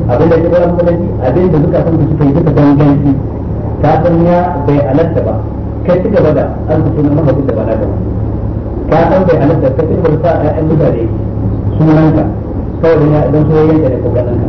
abin da kika ran kuma abin da suka san suka yi suka danganci ka san bai halatta ba kai ci gaba da an fito na mahaifi da ba na gaba ka san bai halatta ka ci gaba da ƴaƴan mutane sunanka saboda ya idan soyayyen da ne ko ganin ka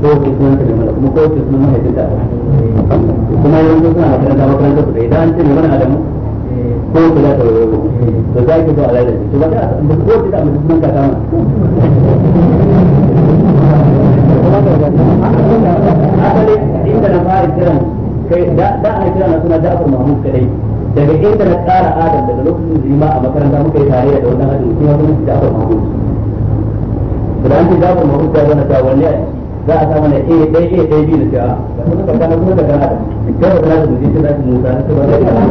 kowace sunan ta kuma kowace sunan mahaifinta kuma yanzu suna su da idan an ce maimuna adamu ko ku za ta ko ba za ki zo a lalace to ba ta ba ko ki ta mu ka ta ma asali inda na fara kiran kai da da ana kira na suna Ja'far Mahmud kadai daga inda na tsara Adam daga lokacin zima a makaranta muka yi tarayya da wannan hadin kuma sun Ja'far Mahmud da an ce Ja'far Mahmud ya zama ta a ciki za a samu na a eh, ɗaya ɗaya ɗaya biyu na cewa ah, kuma ka kana kuma ka kana da kai ba kana da mutum su musa na cewa zai kana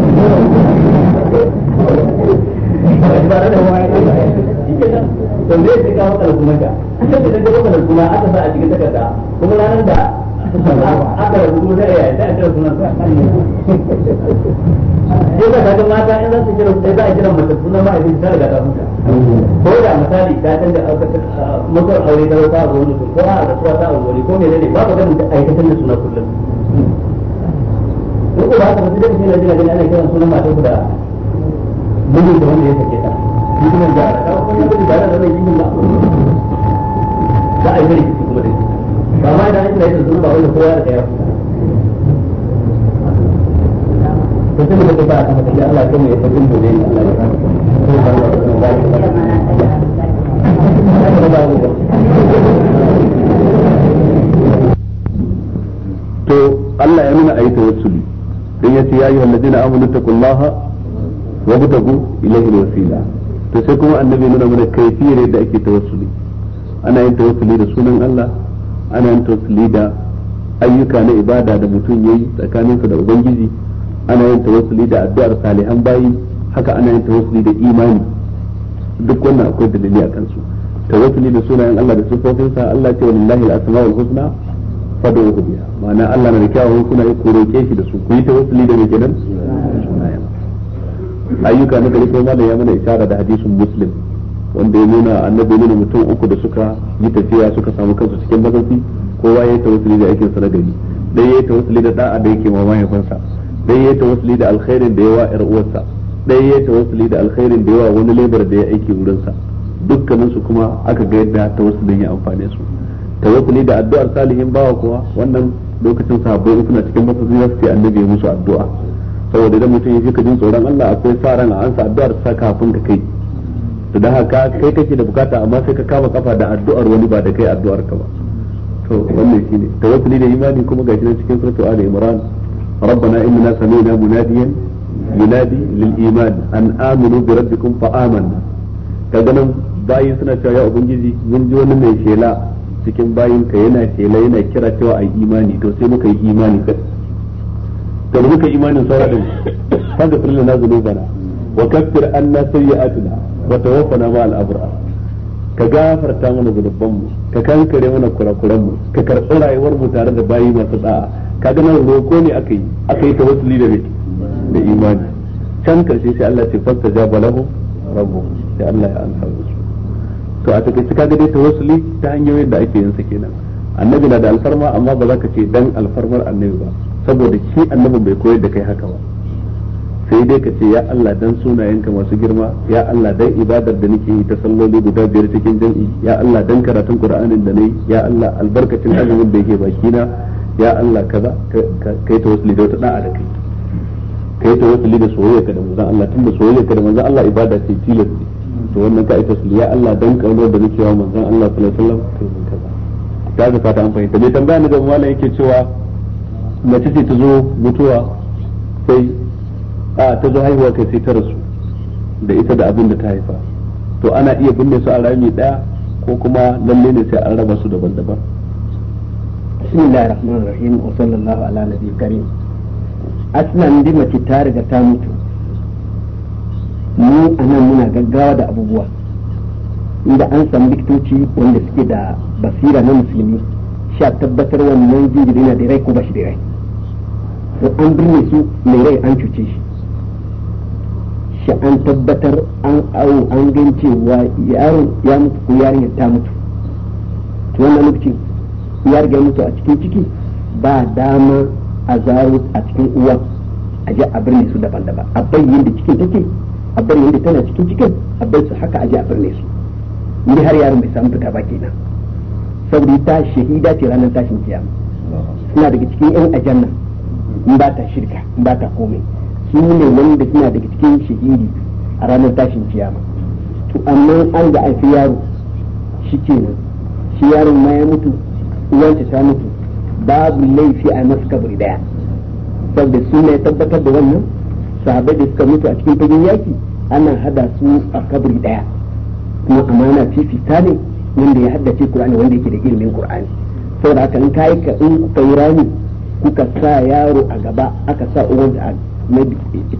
ba da da wani shi ke nan to zai ce kawo kalkuma ka ita ce ta gaba kalkuma aka sa a cikin takarda kuma ranar da aka rubu da ya ta ta sunan ko da kaga mata in za su kira sai za a kira mace sunan ma idan ta riga ta ko da misali ta canza mutu aure da wata abu wani ko a da ta abu wani ko menene ba ka ganin aikatan da sunan kullum ko ba ka mutu da kina jira gani ana kiran sunan mata ku da mijin da wanda ya sake ta mutumin da ka ko ya gudu da da zai yi mun ba ba a yi kuma da shi amma idan an yi zunuba wani kowa da ɗaya to sai mutum ba a kama tafiya Allah ya kama ya tafi da ne Allah ya kama to Allah ya nuna ayi tawassuli dan yace ya ayyuhal ladina amanu taqullaha wa butagu ilayhi alwasila to sai kuma annabi nuna mana kaifiyar da ake tawassuli ana yin tawassuli da sunan Allah ana yin tawassuli da ayyuka na ibada da mutum yayi tsakaninsa da ubangiji ana yin tawassuli da addu'ar salihan bayi haka ana yin tawassuli da imani duk wannan akwai dalili a kansu tawassuli da sunayen Allah da sa Allah ce walillahi al-asmaul husna fad'uhu biha ma'ana Allah na da kyawawan sunaye ku roke shi da su ku yi tawassuli da mai ayyuka na gari kuma da ya mana isharar da hadisin muslim wanda ya nuna annabi nuna mutum uku da suka yi tafiya suka samu kansu cikin mazafi kowa ya yi tawassuli da aikin sa na gari dai ya yi tawassuli da da'a da yake mamaye kansa dai ya yi tawassuli da alkhairin da yawa yar uwarsa dai ya yi tawassuli da alkhairin da yawa wani lebar da ya aiki wurin sa dukkanin su kuma aka ga yadda tawassulin ya amfane su tawassuli da addu'ar salihin bawa kuwa wannan lokacin sahabbai suna cikin masallaci za su ce annabi ya musu addu'a saboda idan mutum ya fi jin tsoron Allah akwai sa ran a ansa addu'ar sa kafin ka kai to dan haka kai kake da bukata amma sai ka kama kafa da addu'ar wani ba da kai addu'ar ka ba to wannan shine tawakkuli da imani kuma gashi nan cikin suratul ali imran munadi إننا سمعنا an aminu للإيمان أن آمنوا بربكم فآمنا كذا bayin suna cewa ya ubangiji mun ji wani mai shela cikin bayin ka yana shela yana kira cewa a imani to sai muka yi imani kai da muka yi imanin saura din fa da na zunubana wa kaffir anna sayyi'atina wa ma al ka gafarta mana zunuban mu ka kankare mana kurakuran mu ka rayuwar mu tare da bayi masu da'a ka ga nan to a take kaga dai tawassuli ta hanyoyin da ake yin sa kenan annabi na da alfarma amma ba za ka ce dan alfarmar annabi ba saboda shi annabin bai koyar da kai haka ba sai dai ka ce ya Allah dan sunayenka masu girma ya Allah dan ibadar da nake yi ta salloli guda biyar cikin jam'i ya Allah dan karatun Qur'anin da nayi ya Allah albarkacin azumin da yake baki na ya Allah kaza kai ta wasu da wata a da kai kai ta wasu da soyayya ka da manzon Allah tun da soyayya ka da manzon Allah ibada ce tilas to wannan ka ita ya Allah dan kaunar da nake wa manzon Allah sallallahu alaihi wasallam kai mun kaza ta ga fata an fahimta ne tambaya ne da mallam yake cewa mace ce ta zo mutuwa sai a ta zo haihuwa kai sai ta rasu da ita da abin da ta haifa to ana iya binne su a rami daya ko kuma lalle ne sai an raba su daban-daban bismillahir rahmanir rahim wa sallallahu ala karim aslan mace ta riga ta mutu mu anan muna gaggawa da abubuwa inda an samu likitoci wanda suke da basira na musulmi sha tabbatar wannan jinjiri na da rai ko ba shi da rai an birne su mai rai an cuce shi shi an tabbatar an awo an gan cewa yaron ya mutu ko ya ta mutu to wannan lokacin ya riga mutu a cikin ciki ba dama a zaro a cikin uwa a je a birne su daban-daban a bayyana da cikin take a bayyana da tana cikin cikin a bai su haka a je a birne su ni har yaron bai samu fita ba kenan saboda ta shahida ce ranar tashin kiyama suna daga cikin yan ajanna in ba ta shirka in ba ta komai su ne wanda suna daga cikin shigiri a ranar tashin kiyama to amma an ga an yaro shi nan shi yaron ma ya mutu uwan ta mutu babu laifi a masu kabari daya saboda su ne tabbatar da wannan sahabai da suka mutu a cikin fagen yaki ana hada su a kabari daya kuma amana fifita ne wanda ya haddace kurani wanda yake da ilimin kur'ani saboda haka in kai ka in kuka yi rami kuka sa yaro a gaba aka sa uwan a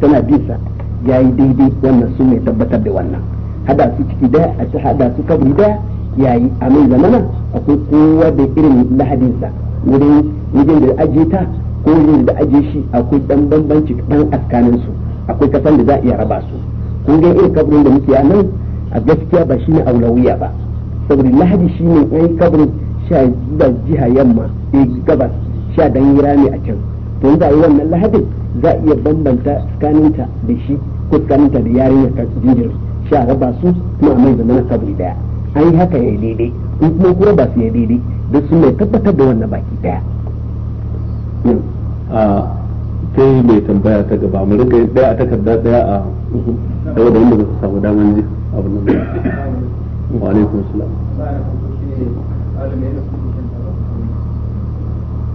tana bisa ya yi daidai wannan su mai tabbatar da wannan hada su ciki daya a ci hada su kabri daya ya yi a mai zamana akwai kowa da irin lahadinsa wurin wajen da ajiye ta ko wajen da ajiye shi akwai dan bambanci dan askanin su akwai kasan da za a iya raba su kun ga irin kabrin da muke a nan a gaskiya ba shine aulawiya ba saboda lahadi shine ɗan kabrin sha da jiha yamma eh, gabas sha dan yi rami a can to za wannan lahadin za iya bambanta tsakaninta da shi ko tsakaninta da yarinya ta jinjir shi a raba su kuma a mai zama na kabri daya an yi haka ya daidai ko kuma ku raba su ya daidai da su mai tabbatar da wannan baki daya. Hmm. sai mai tambaya ta gaba mu rinka daya a takarda daya a saboda wanda ba su samu daman ji abu nan wa alaikum salam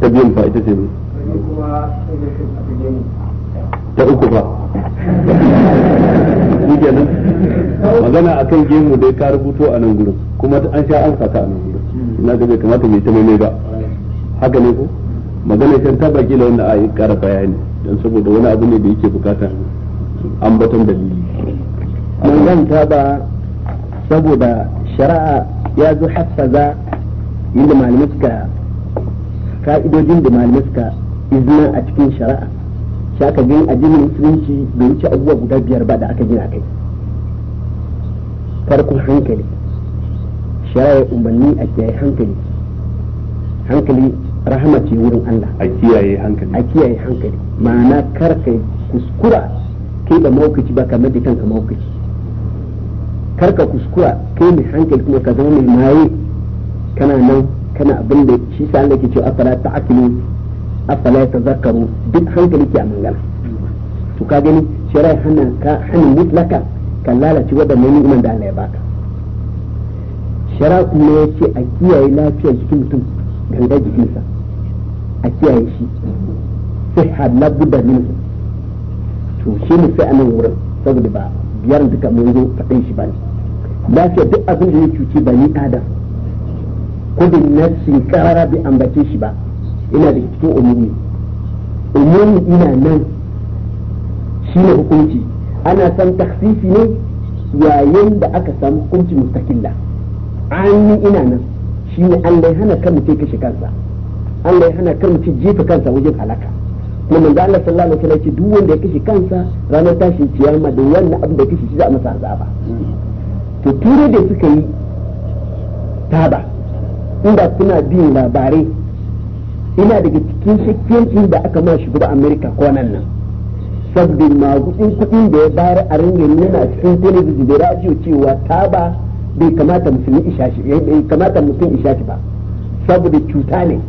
ta biyan fa ita ce ne ta uku ba ke nan magana a kan gemu dai ka rubuto a nan gurin kuma an sha an saka a nan gurin ina ga bai kamata mai ta mai ba haka ne ko magana shan ta baki da wanda a yi kara bayani don saboda wani abu ne da yake bukata ambaton dalili mun ta ba saboda shari'a ya zo haskaza inda malamai suka ka'idojin da malamai suka izina a cikin shari'a shi aka gani addinin musulunci bai wuce abubuwa guda biyar ba da aka gina kai farkon hankali shari'a umarni a kiyaye hankali hankali rahama ce wurin Allah a kiyaye hankali a kiyaye hankali ma'ana kar ka kuskura kai da maukaci ba ka da kanka maukaci kar ka kuskura kai mai hankali kuma ka zama mai maye kana nan kana abin da shi sa Allah ke cewa afala ta'qilu afala ya tazakaru duk hankali ke a mangana to ka gani shirai hana ka hannun mutlaka kan lalace waɗannan ni'imar da Allah ya baka shara kuma ya ce a kiyaye lafiyar jikin mutum gangar jikinsa a kiyaye shi sai halla budda min to shi ne sai a wurin saboda ba biyar duka mun zo faɗin shi ba ne lafiyar duk abin da ya cuci ba ni adam ko da nafsin kara bi ambace shi ba ina da cikin umumi umumi ina nan shi ne hukunci ana san taksisi ne yayin da aka samu hukunci mustakilla an yi ina nan shi ne an lai hana kan mutum kashe kansa an lai hana kan mutum jefa kansa wajen halaka kuma manzo Allah sallallahu alaihi wasallam ce duk wanda ya kashe kansa ranar tashin kiyama da wannan abin da kashe shi za a masa azaba to tura da suka yi taba inda suna bin labarai ina daga cikin shakkiyarci da aka ma shugaba amerika ko nan nan sabbin magudin kudin da ya bayar a ringa nuna cikin telebijin da radio cewa taba bai kamata mutum isha shi eh, bai kamata mutum isha shi ba saboda cuta ne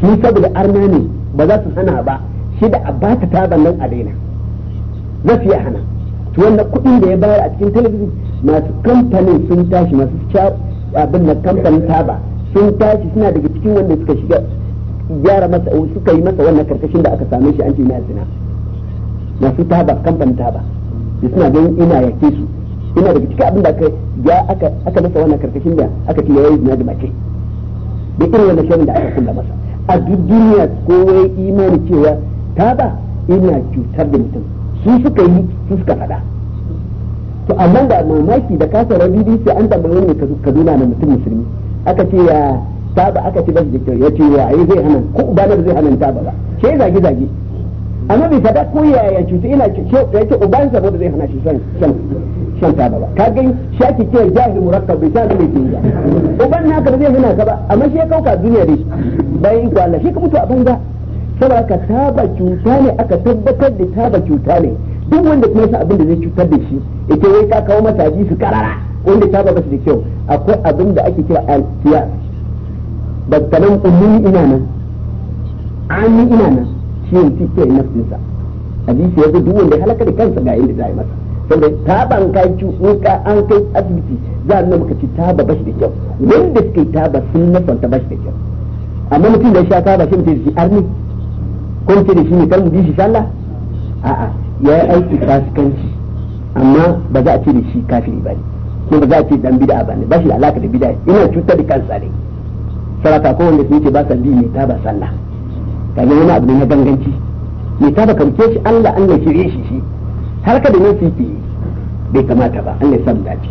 su saboda arna ne ba za su hana ba shi da a ta taban nan a daina za su yi hana to wannan kuɗin da ya bayar a cikin telebijin masu kamfanin sun tashi masu abin na kamfanin taba sun tashi suna daga cikin wanda suka shiga gyara masa suka yi masa wannan karkashin da aka same shi an ce na zina masu taba kamfan taba da suna ganin ina yake su ina daga cikin abin da aka ya aka masa wannan karkashin da aka ce yayi zina da mace da irin wannan shirin da aka kula masa a duk duniya wai imani cewa taba ina cutar da mutum su suka yi su suka faɗa to amma da mamaki da kasar rabi sai an tambaye wani kaduna na mutum musulmi aka ce ya taba aka ci bashi jikin ya ce ayi zai hana ko uba da zai hana taba ba shi zage zage amma bai fada ko ya ya cuta ina ce ya ce uban sa ba zai hana shi shan shan shan taba ba ka gani shi ake kira jahil murakkab bai san mai kinga uban naka ba zai hana ka ba amma shi ya kauka duniya da shi bayan iko Allah shi ka mutu a banza saboda ka taba cuta ne aka tabbatar da taba cuta ne duk wanda kuma sa abin da zai cutar da shi ita wai ka kawo masa su karara wanda taba ba su da kyau akwai abin da ake kira al bakkalan ummi ina nan ani ina nan shi ne cike nafsinsa hadisi yanzu duk wanda halaka da kansa ga inda zai masa saboda taban ka ci wuka an kai asibiti za a maka ci taba bashi da kyau wanda suka yi taba sun nafanta bashi da kyau amma mutum da sha taba shi mutum da shi arni ko da shi ne kan bi shi sallah a'a ya yi aiki fasikanci amma ba za a ce da shi kafiri ba ne ko ba za a ce dan bid'a ba ne bashi da alaka da bid'a ina cutar da kansa ne saraka ko wanda yake ba bi mai ta ba sallah kaga wani abu ne na ganganci mai ta ba kamke shi Allah Allah shirye shi shi har ka da ne su yi bai kamata ba Allah san dace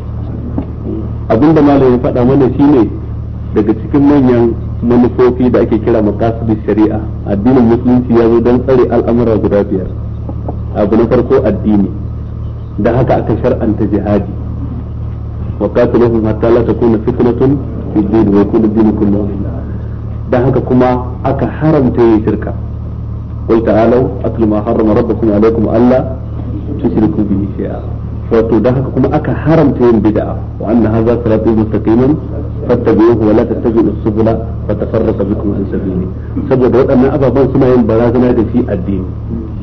abinda malam ya faɗa mana shine daga cikin manyan manufofi da ake kira maqasidus shari'a addinin musulunci ya zo don tsare al'amura guda biyar abu na farko addini da haka aka shar'anta jihadi وقاتلهم حتى لا تكون فتنة في الدين ويكون الدين كله da haka kuma aka haramta yin shirka wai ta'alau atlu ma harrama rabbukum alaikum alla tushriku bihi shay'a wato da haka kuma aka haramta yin bid'a wa anna hadha sirati mustaqiman fattabi'uhu wa la tattabi'u subula fatafarraqa bikum an sabili saboda waɗannan ababan suna yin barazana da shi addini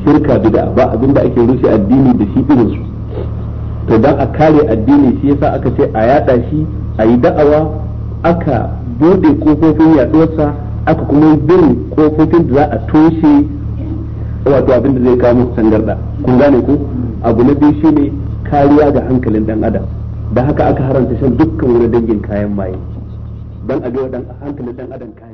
shirka bid'a ba abinda ake rushe addini da shi irin su to dan a kare addini shi yasa aka ce a yada shi a yi da'awa aka bude kofofin yaduwarsa aka kuma bin kofofin da za a toshe wato abin zai kawo sangarda kun gane ko abu na biyu shine kariya ga hankalin dan adam da haka aka haranta shan dukkan wani dangin kayan maye dan a ga hankalin dan adam kayan